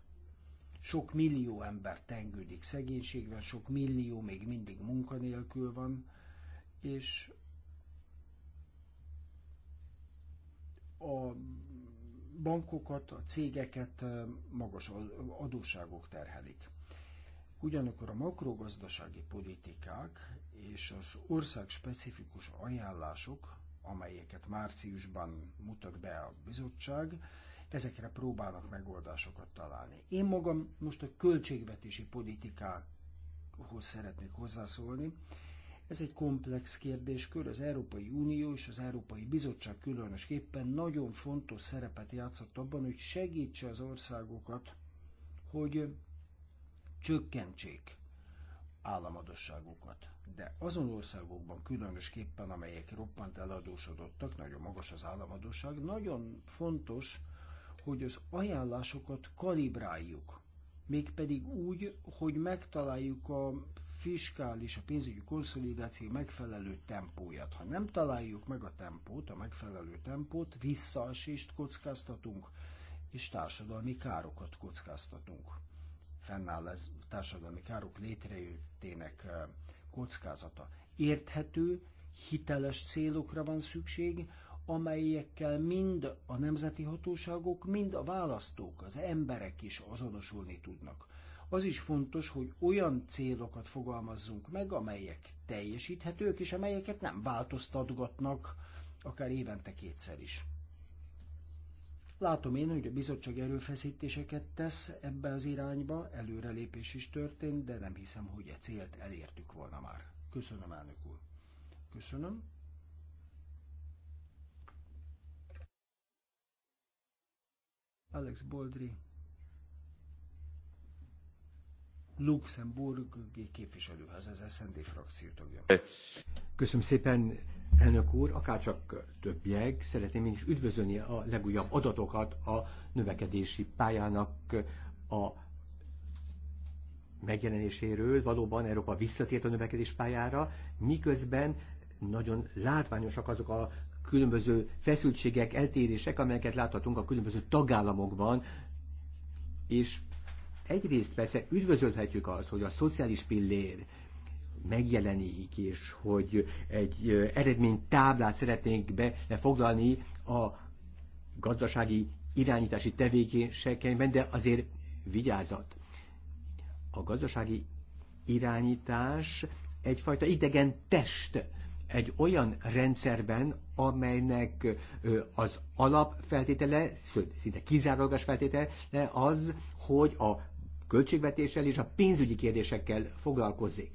Sok millió ember tengődik szegénységben, sok millió még mindig munkanélkül van, és a bankokat, a cégeket magas adósságok terhelik. Ugyanakkor a makrogazdasági politikák és az ország specifikus ajánlások, amelyeket márciusban mutat be a bizottság, ezekre próbálnak megoldásokat találni. Én magam most a költségvetési politikához szeretnék hozzászólni, ez egy komplex kérdéskör, az Európai Unió és az Európai Bizottság különösképpen nagyon fontos szerepet játszott abban, hogy segítse az országokat, hogy csökkentsék államadosságukat. De azon országokban különösképpen, amelyek roppant eladósodottak, nagyon magas az államadosság, nagyon fontos, hogy az ajánlásokat kalibráljuk, mégpedig úgy, hogy megtaláljuk a fiskális, a pénzügyi konszolidáció megfelelő tempóját. Ha nem találjuk meg a tempót, a megfelelő tempót, visszaesést kockáztatunk, és társadalmi károkat kockáztatunk. Fennáll ez társadalmi károk létrejöttének eh, kockázata. Érthető, hiteles célokra van szükség, amelyekkel mind a nemzeti hatóságok, mind a választók, az emberek is azonosulni tudnak az is fontos, hogy olyan célokat fogalmazzunk meg, amelyek teljesíthetők, és amelyeket nem változtatgatnak, akár évente kétszer is. Látom én, hogy a bizottság erőfeszítéseket tesz ebbe az irányba, előrelépés is történt, de nem hiszem, hogy a e célt elértük volna már. Köszönöm, elnök úr. Köszönöm. Alex Boldri luxemburgi képviselőhöz, az SND frakció tagja. Köszönöm szépen, elnök úr, akárcsak többiek, szeretném én is üdvözölni a legújabb adatokat a növekedési pályának a megjelenéséről. Valóban Európa visszatért a növekedés pályára, miközben nagyon látványosak azok a különböző feszültségek, eltérések, amelyeket láthatunk a különböző tagállamokban, és egyrészt persze üdvözölhetjük azt, hogy a szociális pillér megjelenik, és hogy egy eredménytáblát szeretnénk befoglalni a gazdasági irányítási tevékenységekben, de azért vigyázat. A gazdasági irányítás egyfajta idegen test egy olyan rendszerben, amelynek az alapfeltétele, szinte kizárólagos feltétele az, hogy a költségvetéssel és a pénzügyi kérdésekkel foglalkozik.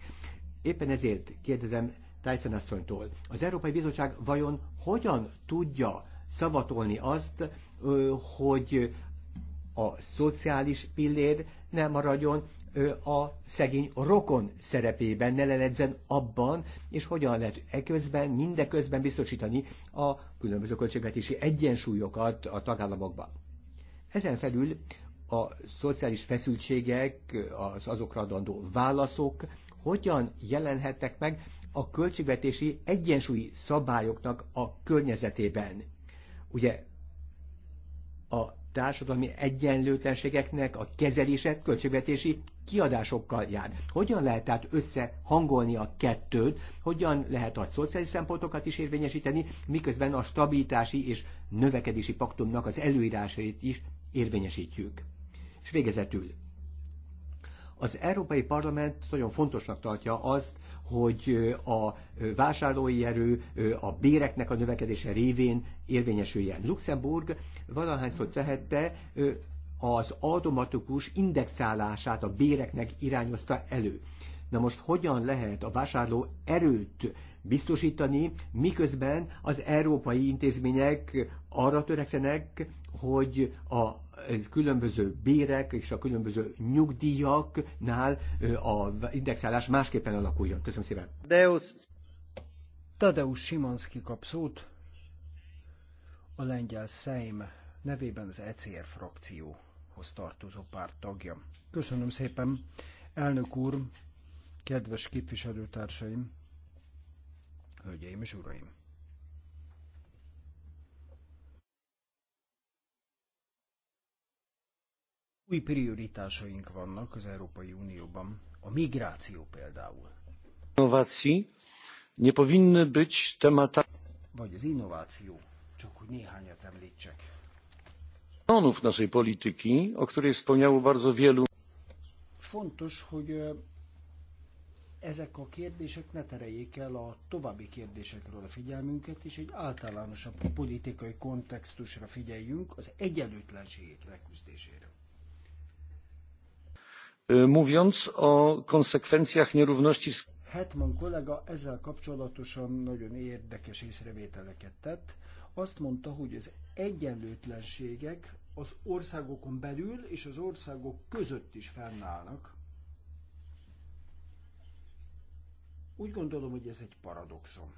Éppen ezért kérdezem Tyson asszonytól, az Európai Bizottság vajon hogyan tudja szavatolni azt, hogy a szociális pillér ne maradjon a szegény rokon szerepében, ne leledzen abban, és hogyan lehet eközben, mindeközben biztosítani a különböző költségvetési egyensúlyokat a tagállamokban. Ezen felül a szociális feszültségek, az azokra adandó válaszok hogyan jelenhetnek meg a költségvetési egyensúlyi szabályoknak a környezetében. Ugye a társadalmi egyenlőtlenségeknek a kezelése költségvetési kiadásokkal jár. Hogyan lehet tehát összehangolni a kettőt, hogyan lehet a szociális szempontokat is érvényesíteni, miközben a stabilitási és növekedési paktumnak az előírásait is érvényesítjük. És végezetül, az Európai Parlament nagyon fontosnak tartja azt, hogy a vásárlói erő a béreknek a növekedése révén érvényesüljen. Luxemburg valahányszor tehette, az automatikus indexálását a béreknek irányozta elő. Na most hogyan lehet a vásárló erőt biztosítani, miközben az európai intézmények arra törekszenek, hogy a különböző bérek és a különböző nyugdíjaknál a indexálás másképpen alakuljon. Köszönöm szépen. Deus. Tadeusz Simanszki kap szót. A lengyel Szeim nevében az ECR frakcióhoz tartozó párt tagja. Köszönöm szépen, elnök úr, Kedves képviselőtársaim, hölgyeim és uraim! Új prioritásaink vannak az Európai Unióban, a migráció például. Innováció nie powinny być temata... Vagy az innováció, csak hogy néhányat említsek. Fontos, hogy ezek a kérdések ne tereljék el a további kérdésekről a figyelmünket, és egy általánosabb politikai kontextusra figyeljünk az egyenlőtlenségek leküzdésére. Mówiąc o konsekwencjach nierówności... Hetman kollega ezzel kapcsolatosan nagyon érdekes észrevételeket tett. Azt mondta, hogy az egyenlőtlenségek az országokon belül és az országok között is fennállnak Úgy gondolom, hogy ez egy paradoxon.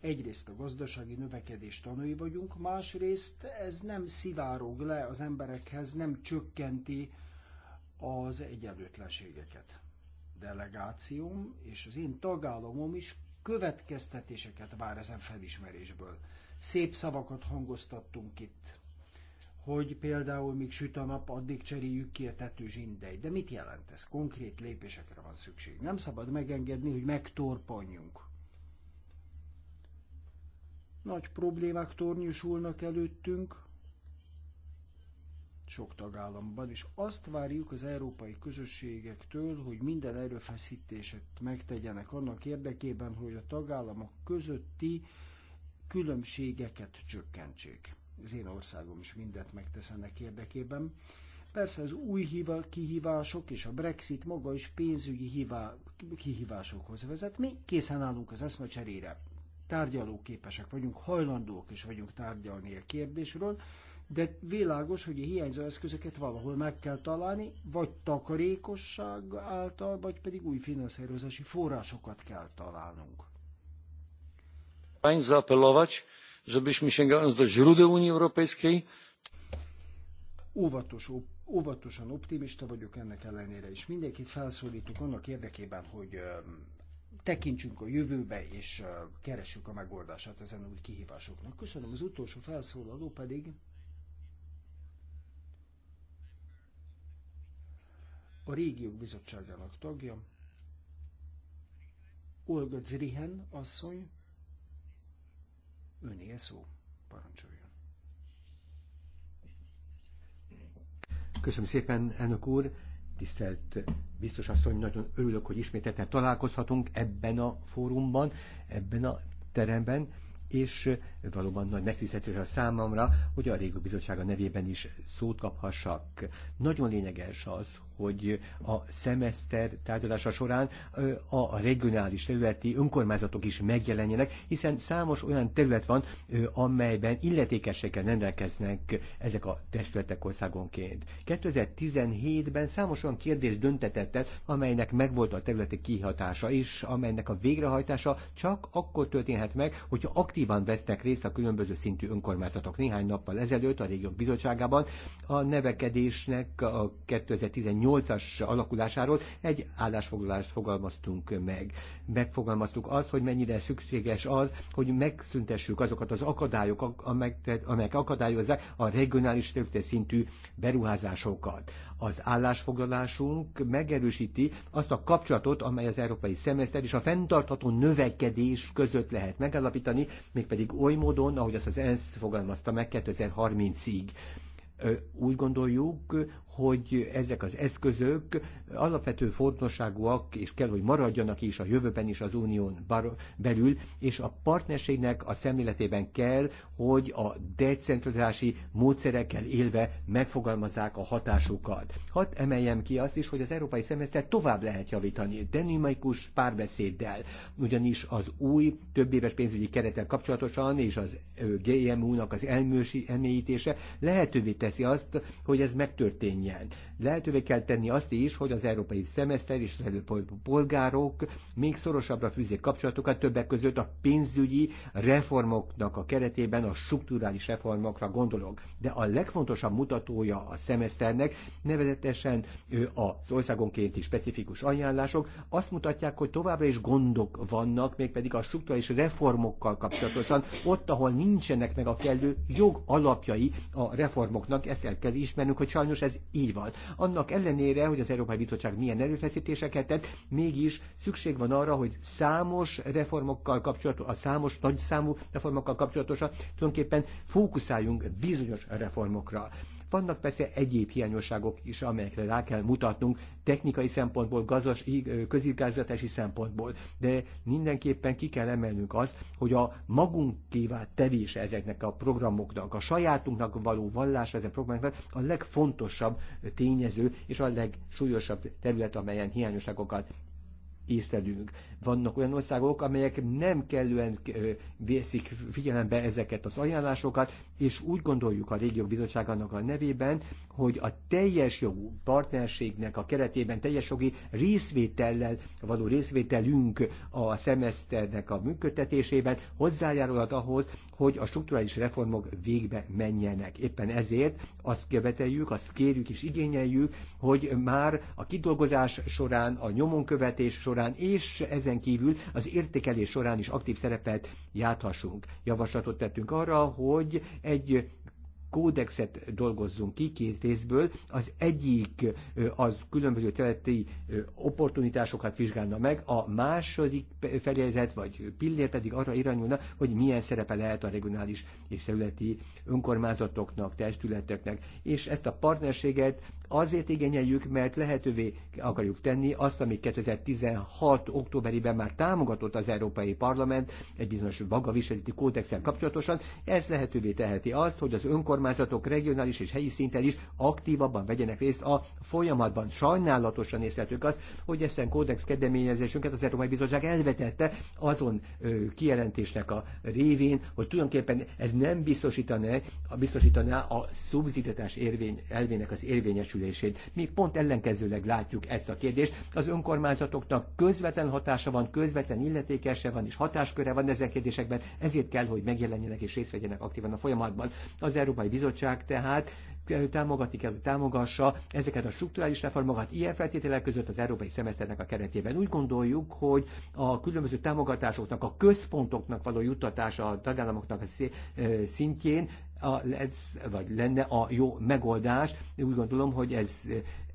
Egyrészt a gazdasági növekedés tanúi vagyunk, másrészt ez nem szivárog le az emberekhez, nem csökkenti az egyenlőtlenségeket. Delegációm és az én tagállamom is következtetéseket vár ezen felismerésből. Szép szavakat hangoztattunk itt hogy például még süt a nap, addig cseréljük ki a tetőzsindeit. De mit jelent ez? Konkrét lépésekre van szükség. Nem szabad megengedni, hogy megtorpanjunk. Nagy problémák tornyosulnak előttünk, sok tagállamban, és azt várjuk az európai közösségektől, hogy minden erőfeszítéset megtegyenek annak érdekében, hogy a tagállamok közötti különbségeket csökkentsék az én országom is mindent megtesz ennek érdekében. Persze az új híva, kihívások és a Brexit maga is pénzügyi hívá, kihívásokhoz vezet. Mi készen állunk az eszmecserére. Tárgyalóképesek vagyunk, hajlandók is vagyunk tárgyalni a kérdésről, de világos, hogy a hiányzó eszközöket valahol meg kell találni, vagy takarékosság által, vagy pedig új finanszírozási forrásokat kell találnunk. Zapelować żebyśmy sięgając do źródeł Unii Europejskiej. Óvatos, óvatosan optimista vagyok ennek ellenére, és mindenkit felszólítok annak érdekében, hogy tekintsünk a jövőbe, és keressük a megoldását ezen új kihívásoknak. Köszönöm, az utolsó felszólaló pedig a régiók bizottságának tagja, Olga Zrihen asszony, Önél szó. Parancsoljon. Köszönöm szépen, elnök úr. Tisztelt biztos asszony, nagyon örülök, hogy ismételten találkozhatunk ebben a fórumban, ebben a teremben és valóban nagy megtiszteltetés a számomra, hogy a Régi Bizottsága nevében is szót kaphassak. Nagyon lényeges az, hogy a szemeszter tárgyalása során a regionális területi önkormányzatok is megjelenjenek, hiszen számos olyan terület van, amelyben illetékességgel rendelkeznek ezek a testületek országonként. 2017-ben számos olyan kérdés döntetett el, amelynek megvolt a területi kihatása is, amelynek a végrehajtása csak akkor történhet meg, hogyha aktívan vesznek részt a különböző szintű önkormányzatok. Néhány nappal ezelőtt a régiók bizottságában a nevekedésnek a 2018 8 as alakulásáról egy állásfoglalást fogalmaztunk meg. Megfogalmaztuk azt, hogy mennyire szükséges az, hogy megszüntessük azokat az akadályok, amelyek akadályozzák a regionális területe szintű beruházásokat. Az állásfoglalásunk megerősíti azt a kapcsolatot, amely az európai szemeszter és a fenntartható növekedés között lehet megállapítani, mégpedig oly módon, ahogy azt az ENSZ fogalmazta meg 2030-ig úgy gondoljuk, hogy ezek az eszközök alapvető fontosságúak, és kell, hogy maradjanak is a jövőben is az unión belül, és a partnerségnek a szemléletében kell, hogy a decentralizási módszerekkel élve megfogalmazzák a hatásukat. Hadd emeljem ki azt is, hogy az európai szemeszter tovább lehet javítani, dinamikus párbeszéddel, ugyanis az új többéves pénzügyi kerettel kapcsolatosan és az GMU-nak az elmélyítése lehetővé teszi azt, hogy ez megtörténjen könnyen. Lehetővé kell tenni azt is, hogy az európai szemeszter és az polgárok még szorosabbra fűzik kapcsolatokat többek között a pénzügyi reformoknak a keretében, a strukturális reformokra gondolok. De a legfontosabb mutatója a szemeszternek, nevezetesen az országonkénti specifikus ajánlások, azt mutatják, hogy továbbra is gondok vannak, mégpedig a strukturális reformokkal kapcsolatosan, ott, ahol nincsenek meg a kellő jog alapjai a reformoknak, ezt el kell ismernünk, hogy sajnos ez így van. Annak ellenére, hogy az Európai Bizottság milyen erőfeszítéseket tett, mégis szükség van arra, hogy számos reformokkal kapcsolatos, a számos nagyszámú reformokkal kapcsolatosan tulajdonképpen fókuszáljunk bizonyos reformokra. Vannak persze egyéb hiányosságok is, amelyekre rá kell mutatnunk technikai szempontból, gazdas, közigazgatási szempontból, de mindenképpen ki kell emelnünk azt, hogy a magunk kívánt tevése ezeknek a programoknak, a sajátunknak való vallása ezen programoknak a legfontosabb tényező és a legsúlyosabb terület, amelyen hiányosságokat észlelünk. Vannak olyan országok, amelyek nem kellően vészik figyelembe ezeket az ajánlásokat, és úgy gondoljuk a Régiók Bizottságának a nevében, hogy a teljes jogú partnerségnek a keretében teljes jogi részvétellel való részvételünk a szemeszternek a működtetésében hozzájárulhat ahhoz, hogy a strukturális reformok végbe menjenek. Éppen ezért azt követeljük, azt kérjük és igényeljük, hogy már a kidolgozás során, a nyomonkövetés során során és ezen kívül az értékelés során is aktív szerepet játhassunk. Javaslatot tettünk arra, hogy egy kódexet dolgozzunk ki két részből. Az egyik az különböző területi opportunitásokat vizsgálna meg, a második fejezet vagy pillér pedig arra irányulna, hogy milyen szerepe lehet a regionális és területi önkormányzatoknak, testületeknek, és ezt a partnerséget Azért igényeljük, mert lehetővé akarjuk tenni azt, amit 2016. októberében már támogatott az Európai Parlament egy bizonyos magaviseleti kódexel kapcsolatosan. Ez lehetővé teheti azt, hogy az önkormányzatok regionális és helyi szinten is aktívabban vegyenek részt a folyamatban. Sajnálatosan észletük azt, hogy ezen kódex kedeményezésünket az Európai Bizottság elvetette azon ö, kijelentésnek a révén, hogy tulajdonképpen ez nem biztosítaná, biztosítaná a szubzitatás érvény, elvének az érvényes megbecsülését. Mi pont ellenkezőleg látjuk ezt a kérdést. Az önkormányzatoknak közvetlen hatása van, közvetlen illetékese van és hatásköre van ezen kérdésekben, ezért kell, hogy megjelenjenek és részt vegyenek aktívan a folyamatban. Az Európai Bizottság tehát támogatni kell, hogy támogassa ezeket a strukturális reformokat ilyen feltételek között az európai szemeszternek a keretében. Úgy gondoljuk, hogy a különböző támogatásoknak, a központoknak való juttatása a tagállamoknak a szintjén a, ez, vagy lenne a jó megoldás. Úgy gondolom, hogy ez,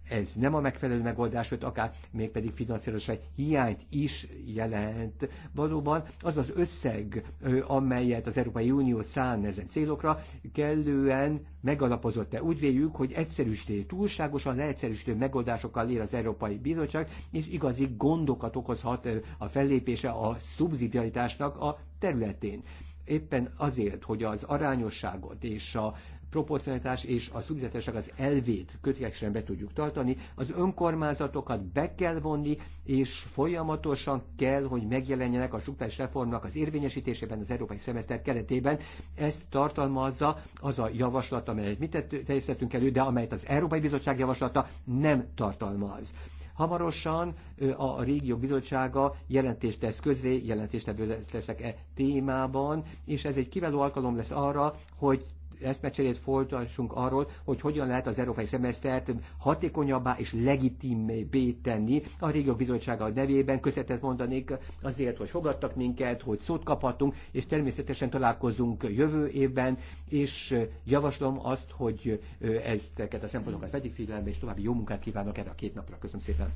ez nem a megfelelő megoldás, hogy akár mégpedig finanszírozási hiányt is jelent. Valóban az az összeg, amelyet az Európai Unió szán ezen célokra, kellően megalapozott -e. Úgy véljük, hogy egyszerűsítő, túlságosan leegyszerűsítő megoldásokkal él az Európai Bizottság, és igazi gondokat okozhat a fellépése a szubzidiaritásnak a területén éppen azért, hogy az arányosságot és a proporcionalitás és a szubjektivitásnak az elvét kötelesen be tudjuk tartani, az önkormányzatokat be kell vonni, és folyamatosan kell, hogy megjelenjenek a struktúrális reformnak az érvényesítésében az európai szemeszter keretében. Ezt tartalmazza az a javaslat, amelyet mi teljesítettünk elő, de amelyet az Európai Bizottság javaslata nem tartalmaz. Hamarosan a régió bizottsága jelentést tesz közré, jelentést leszek e témában, és ez egy kiváló alkalom lesz arra, hogy eszmecserét folytassunk arról, hogy hogyan lehet az európai szemesztert hatékonyabbá és legitimébbé tenni. A Régió Bizottsága nevében köszönetet mondanék azért, hogy fogadtak minket, hogy szót kaphatunk, és természetesen találkozunk jövő évben, és javaslom azt, hogy ezteket a szempontokat vegyük figyelembe, és további jó munkát kívánok erre a két napra. Köszönöm szépen.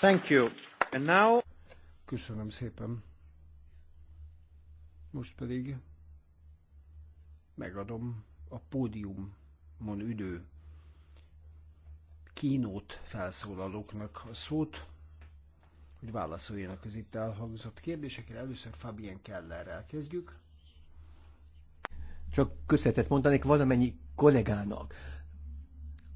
Thank you. And now... Köszönöm szépen. Most pedig megadom a pódiumon üdő kínót felszólalóknak a szót, hogy válaszoljanak az itt elhangzott kérdésekre. Először Fabien Kellerrel kezdjük. Csak köszönetet mondanék valamennyi kollégának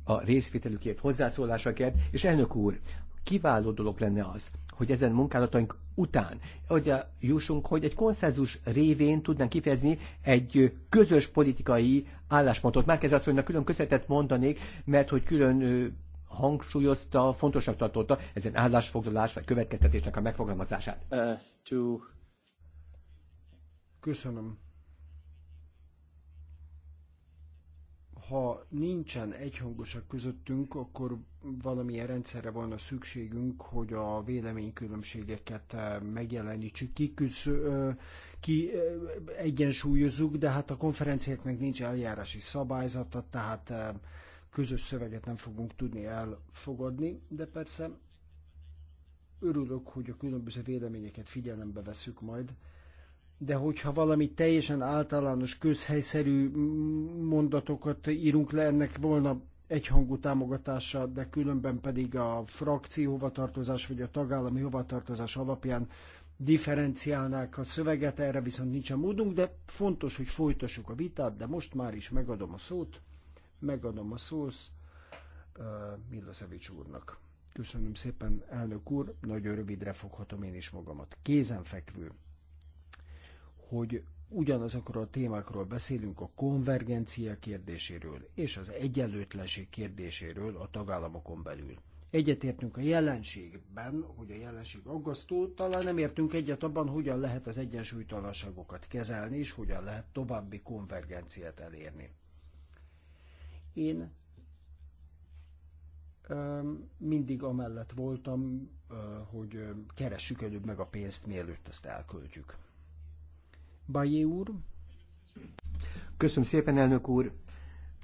a részvételükért, hozzászólásakért, és elnök úr, kiváló dolog lenne az, hogy ezen munkálataink után. Oda jussunk, hogy egy konszenzus révén tudnánk kifejezni egy közös politikai álláspontot. már azt mondja, külön köszönetet mondanék, mert hogy külön hangsúlyozta, fontosnak tartotta ezen állásfoglalás vagy következtetésnek a megfogalmazását. Uh, to... Köszönöm ha nincsen egyhangosak közöttünk, akkor valamilyen rendszerre a szükségünk, hogy a véleménykülönbségeket eh, megjelenítsük, kiküsz, ki egyensúlyozzuk, de hát a konferenciáknak nincs eljárási szabályzata, tehát eh, közös szöveget nem fogunk tudni elfogadni, de persze örülök, hogy a különböző véleményeket figyelembe veszük majd, de hogyha valami teljesen általános, közhelyszerű mondatokat írunk le, ennek volna egyhangú támogatása, de különben pedig a frakció hovatartozás vagy a tagállami hovatartozás alapján differenciálnák a szöveget, erre viszont nincs a módunk, de fontos, hogy folytassuk a vitát, de most már is megadom a szót, megadom a szósz uh, Milosevic úrnak. Köszönöm szépen, elnök úr, nagyon rövidre foghatom én is magamat. Kézenfekvő hogy ugyanazokról a témákról beszélünk, a konvergencia kérdéséről és az egyenlőtlenség kérdéséről a tagállamokon belül. Egyetértünk a jelenségben, hogy a jelenség aggasztó, talán nem értünk egyet abban, hogyan lehet az egyensúlytalanságokat kezelni, és hogyan lehet további konvergenciát elérni. Én mindig amellett voltam, hogy keressük előbb meg a pénzt, mielőtt ezt elköltjük. Bajé úr. Köszönöm szépen, elnök úr.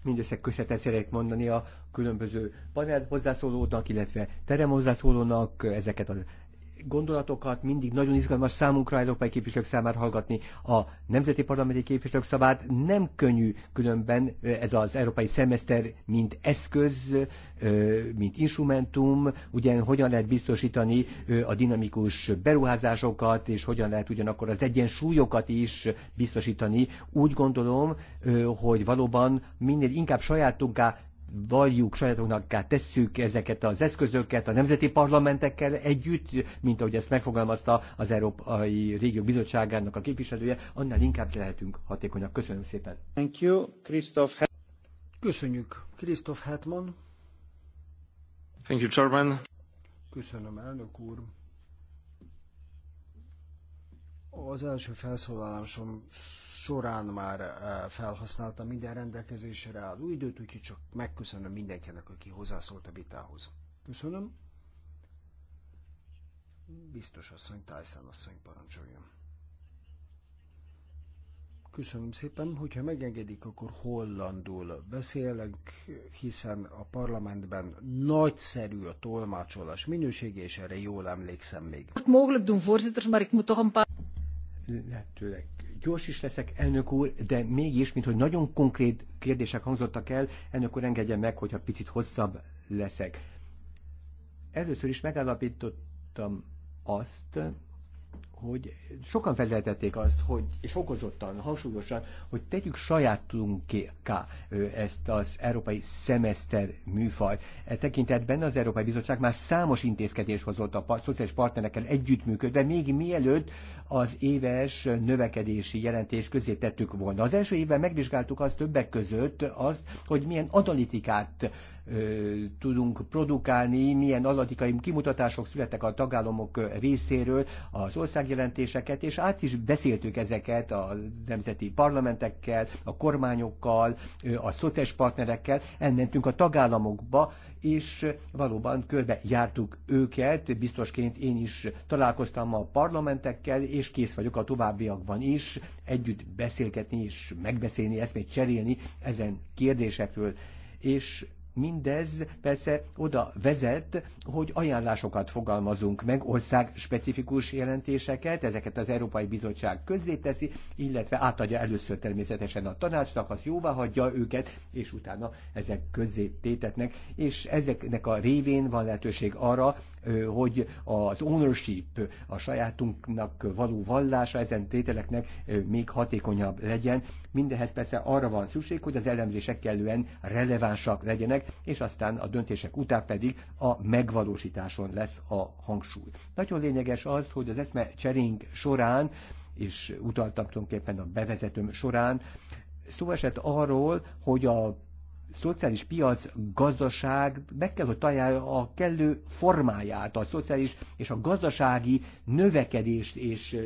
Mindössze köszönetet szeretnék mondani a különböző panel hozzászólónak, illetve terem hozzászólónak ezeket az gondolatokat mindig nagyon izgalmas számunkra európai képviselők számára hallgatni. A nemzeti parlamenti képviselők szabát nem könnyű különben ez az európai szemeszter, mint eszköz, mint instrumentum, ugyan hogyan lehet biztosítani a dinamikus beruházásokat, és hogyan lehet ugyanakkor az egyensúlyokat is biztosítani. Úgy gondolom, hogy valóban minél inkább sajátunká valljuk sajátunknak, tesszük ezeket az eszközöket a nemzeti parlamentekkel együtt, mint ahogy ezt megfogalmazta az Európai régió Bizottságának a képviselője, annál inkább lehetünk hatékonyak. Köszönöm szépen. Thank you, Christoph. Köszönjük, Christoph Hetman. Thank you, Chairman. Köszönöm, elnök úr az első felszólalásom során már eh, felhasználtam minden rendelkezésre álló időt, úgyhogy csak megköszönöm mindenkinek, aki hozzászólt a vitához. Köszönöm. Biztos asszony, Tyson asszony parancsoljon. Köszönöm szépen, hogyha megengedik, akkor hollandul beszélek, hiszen a parlamentben nagyszerű a tolmácsolás minősége, és erre jól emlékszem még. Mogelijk doen, voorzitter, maar ik moet toch een paar lehetőleg gyors is leszek, elnök úr, de mégis, mint hogy nagyon konkrét kérdések hangzottak el, elnök úr engedje meg, hogyha picit hosszabb leszek. Először is megállapítottam azt, hogy sokan feltetették azt, hogy, és fokozottan, hangsúlyosan, hogy tegyük sajátunká ezt az európai szemeszter műfajt. E tekintetben az Európai Bizottság már számos intézkedés hozott a szociális partnerekkel együttműködve, még mielőtt az éves növekedési jelentés közé tettük volna. Az első évben megvizsgáltuk azt többek között azt, hogy milyen analitikát tudunk produkálni, milyen analitikai kimutatások születtek a tagállamok részéről, az országjelentéseket, és át is beszéltük ezeket a nemzeti parlamentekkel, a kormányokkal, a szociális partnerekkel, elmentünk a tagállamokba, és valóban körbe jártuk őket, biztosként én is találkoztam a parlamentekkel, és kész vagyok a továbbiakban is együtt beszélgetni és megbeszélni, eszmét cserélni ezen kérdésekről. És Mindez persze oda vezet, hogy ajánlásokat fogalmazunk meg, ország specifikus jelentéseket, ezeket az Európai Bizottság teszi, illetve átadja először természetesen a tanácsnak, az jóvá hagyja őket, és utána ezek tétetnek, és ezeknek a révén van lehetőség arra, hogy az ownership, a sajátunknak való vallása ezen tételeknek még hatékonyabb legyen. Mindehez persze arra van szükség, hogy az elemzések kellően relevánsak legyenek, és aztán a döntések után pedig a megvalósításon lesz a hangsúly. Nagyon lényeges az, hogy az eszme csering során és utaltam tulajdonképpen a bevezetőm során, szó esett arról, hogy a szociális piac gazdaság meg kell, hogy találja a kellő formáját, a szociális és a gazdasági növekedést és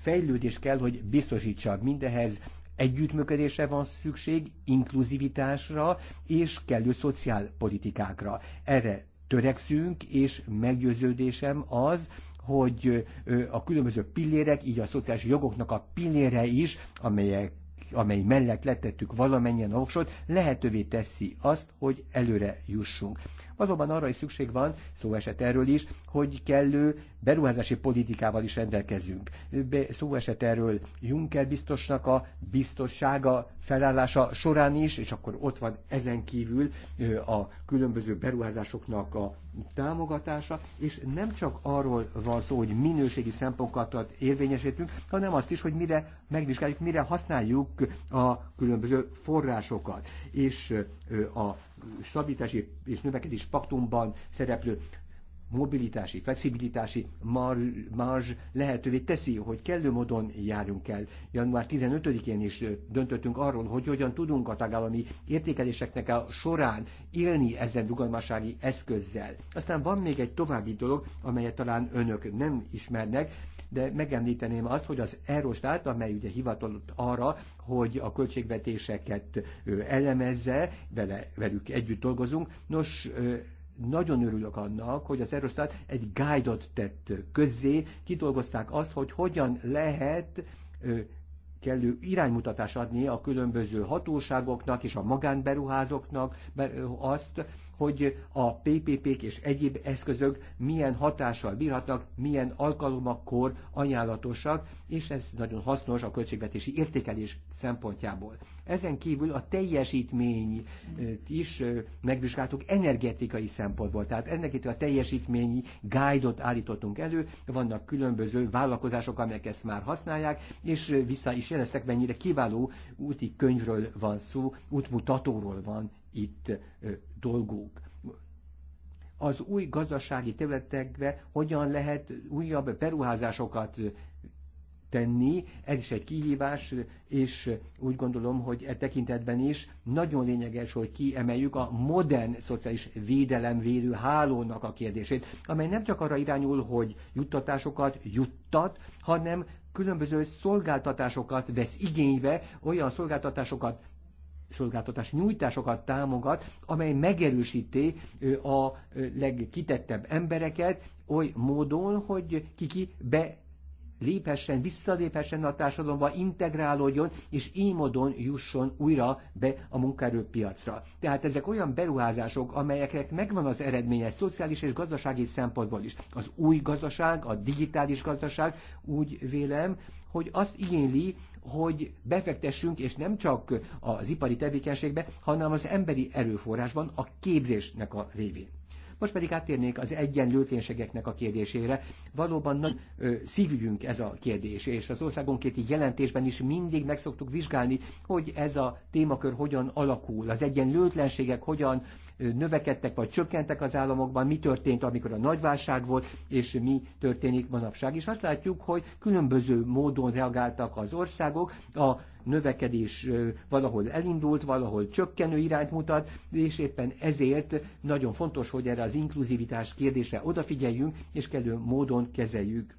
fejlődést kell, hogy biztosítsa mindehez együttműködésre van szükség, inkluzivitásra és kellő szociálpolitikákra. Erre törekszünk, és meggyőződésem az, hogy a különböző pillérek, így a szociális jogoknak a pillére is, amelyek amely mellett letettük valamennyien a voksot, lehetővé teszi azt, hogy előre jussunk. Azonban arra is szükség van, szó esett erről is, hogy kellő beruházási politikával is rendelkezünk. Be, szó esett erről Juncker biztosnak a biztossága felállása során is, és akkor ott van ezen kívül a különböző beruházásoknak a támogatása, és nem csak arról van szó, hogy minőségi szempontokat érvényesítünk, hanem azt is, hogy mire megvizsgáljuk, mire használjuk a különböző forrásokat. És a stabilitási és növekedés paktumban szereplő mobilitási, flexibilitási marzs lehetővé teszi, hogy kellő módon járjunk el. Január 15-én is döntöttünk arról, hogy hogyan tudunk a tagállami értékeléseknek a során élni ezen rugalmasági eszközzel. Aztán van még egy további dolog, amelyet talán önök nem ismernek, de megemlíteném azt, hogy az Eurostát, amely ugye hivatott arra, hogy a költségvetéseket elemezze, vele, velük együtt dolgozunk, nos, nagyon örülök annak, hogy az Erosztát egy guide-ot tett közzé, kidolgozták azt, hogy hogyan lehet kellő iránymutatás adni a különböző hatóságoknak és a magánberuházóknak azt, hogy a PPP-k és egyéb eszközök milyen hatással bírhatnak, milyen alkalmakkor ajánlatosak, és ez nagyon hasznos a költségvetési értékelés szempontjából. Ezen kívül a teljesítmény is megvizsgáltuk energetikai szempontból, tehát ennek a teljesítményi guide-ot állítottunk elő, vannak különböző vállalkozások, amelyek ezt már használják, és vissza is jeleztek, mennyire kiváló úti könyvről van szó, útmutatóról van itt dolgunk az új gazdasági területekbe hogyan lehet újabb beruházásokat tenni. Ez is egy kihívás, és úgy gondolom, hogy e tekintetben is nagyon lényeges, hogy kiemeljük a modern szociális védelemvédő hálónak a kérdését, amely nem csak arra irányul, hogy juttatásokat juttat, hanem különböző szolgáltatásokat vesz igénybe, olyan szolgáltatásokat szolgáltatás nyújtásokat támogat, amely megerősíti a legkitettebb embereket oly módon, hogy kiki be léphessen, visszaléphessen a társadalomba, integrálódjon, és így módon jusson újra be a munkaerőpiacra. Tehát ezek olyan beruházások, amelyeknek megvan az eredménye szociális és gazdasági szempontból is. Az új gazdaság, a digitális gazdaság úgy vélem, hogy azt igényli, hogy befektessünk, és nem csak az ipari tevékenységbe, hanem az emberi erőforrásban a képzésnek a révén. Most pedig áttérnék az egyenlőtlenségeknek a kérdésére. Valóban nagy szívügyünk ez a kérdés, és az országonkéti jelentésben is mindig meg szoktuk vizsgálni, hogy ez a témakör hogyan alakul, az egyenlőtlenségek hogyan növekedtek vagy csökkentek az államokban, mi történt, amikor a nagyválság volt, és mi történik manapság. És azt látjuk, hogy különböző módon reagáltak az országok, a növekedés valahol elindult, valahol csökkenő irányt mutat, és éppen ezért nagyon fontos, hogy erre az inkluzivitás kérdésre odafigyeljünk, és kellő módon kezeljük.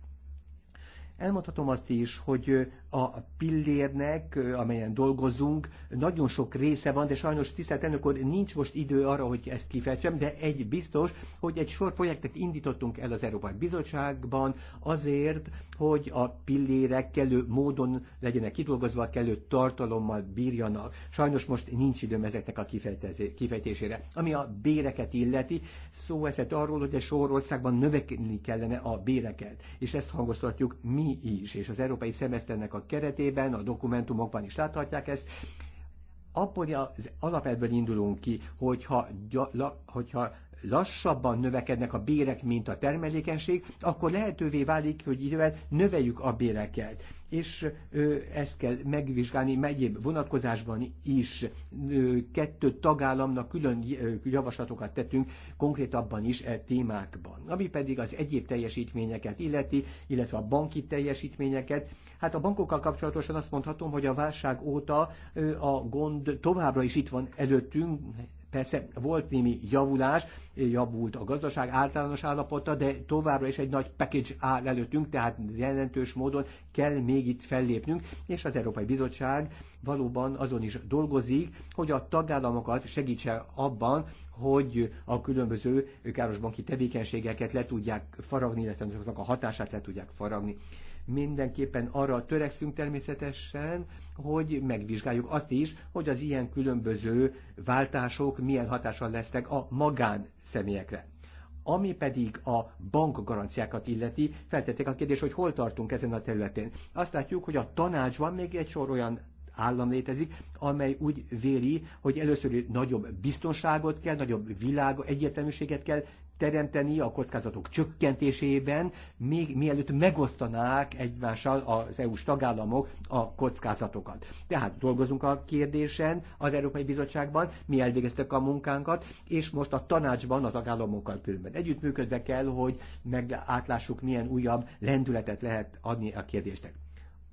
Elmondhatom azt is, hogy a pillérnek, amelyen dolgozunk, nagyon sok része van, de sajnos tisztelt elnök úr, nincs most idő arra, hogy ezt kifejtsem, de egy biztos, hogy egy sor projektet indítottunk el az Európai Bizottságban azért, hogy a pillérek kellő módon legyenek kidolgozva, kellő tartalommal bírjanak. Sajnos most nincs időm ezeknek a kifejtésére. Ami a béreket illeti, szó eszett arról, hogy a országban növekedni kellene a béreket, és ezt hangoztatjuk mi mi is, és az európai szemeszternek a keretében, a dokumentumokban is láthatják ezt, akkor az alapelvből indulunk ki, hogyha, gyala, hogyha lassabban növekednek a bérek, mint a termelékenység, akkor lehetővé válik, hogy idővel növeljük a béreket. És ö, ezt kell megvizsgálni megyéb vonatkozásban is. Ö, kettő tagállamnak külön javaslatokat tettünk konkrétabban is e témákban. Ami pedig az egyéb teljesítményeket illeti, illetve a banki teljesítményeket. Hát a bankokkal kapcsolatosan azt mondhatom, hogy a válság óta ö, a gond továbbra is itt van előttünk, Persze volt némi javulás, javult a gazdaság általános állapota, de továbbra is egy nagy package áll előttünk, tehát jelentős módon kell még itt fellépnünk, és az Európai Bizottság valóban azon is dolgozik, hogy a tagállamokat segítse abban, hogy a különböző károsbanki tevékenységeket le tudják faragni, illetve azoknak a hatását le tudják faragni. Mindenképpen arra törekszünk természetesen, hogy megvizsgáljuk azt is, hogy az ilyen különböző váltások milyen hatással lesznek a magán személyekre. Ami pedig a bankgaranciákat illeti, feltették a kérdést, hogy hol tartunk ezen a területen. Azt látjuk, hogy a tanácsban még egy sor olyan állam létezik, amely úgy véli, hogy először nagyobb biztonságot kell, nagyobb világ, egyértelműséget kell teremteni a kockázatok csökkentésében, még mielőtt megosztanák egymással az EU-s tagállamok a kockázatokat. Tehát dolgozunk a kérdésen az Európai Bizottságban, mi elvégeztük a munkánkat, és most a tanácsban a tagállamokkal különben együttműködve kell, hogy meglátlássuk, milyen újabb lendületet lehet adni a kérdésnek.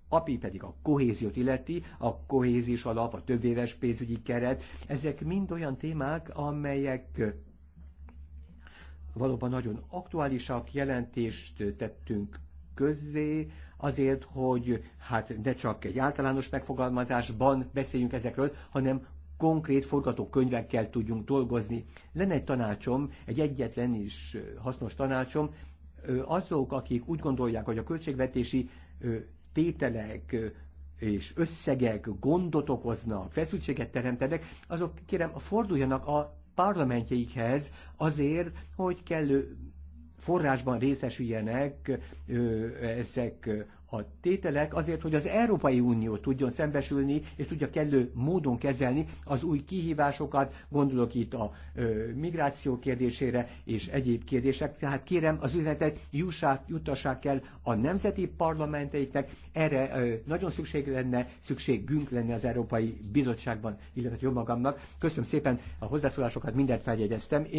API pedig a kohéziót illeti, a kohézis alap, a többéves pénzügyi keret, ezek mind olyan témák, amelyek valóban nagyon aktuálisak, jelentést tettünk közzé, azért, hogy hát ne csak egy általános megfogalmazásban beszéljünk ezekről, hanem konkrét forgatókönyvekkel tudjunk dolgozni. Lenne egy tanácsom, egy egyetlen is hasznos tanácsom, azok, akik úgy gondolják, hogy a költségvetési tételek és összegek gondot okoznak, feszültséget teremtenek, azok kérem forduljanak a parlamentjeikhez azért, hogy kellő forrásban részesüljenek ö, ezek a tételek azért, hogy az Európai Unió tudjon szembesülni, és tudja kellő módon kezelni az új kihívásokat, gondolok itt a ö, migráció kérdésére és egyéb kérdések. Tehát kérem, az üzenetet jussák, jutassák el a nemzeti parlamenteiknek, erre ö, nagyon szükség lenne, szükségünk lenne az Európai Bizottságban, illetve jó magamnak. Köszönöm szépen a hozzászólásokat, mindent feljegyeztem.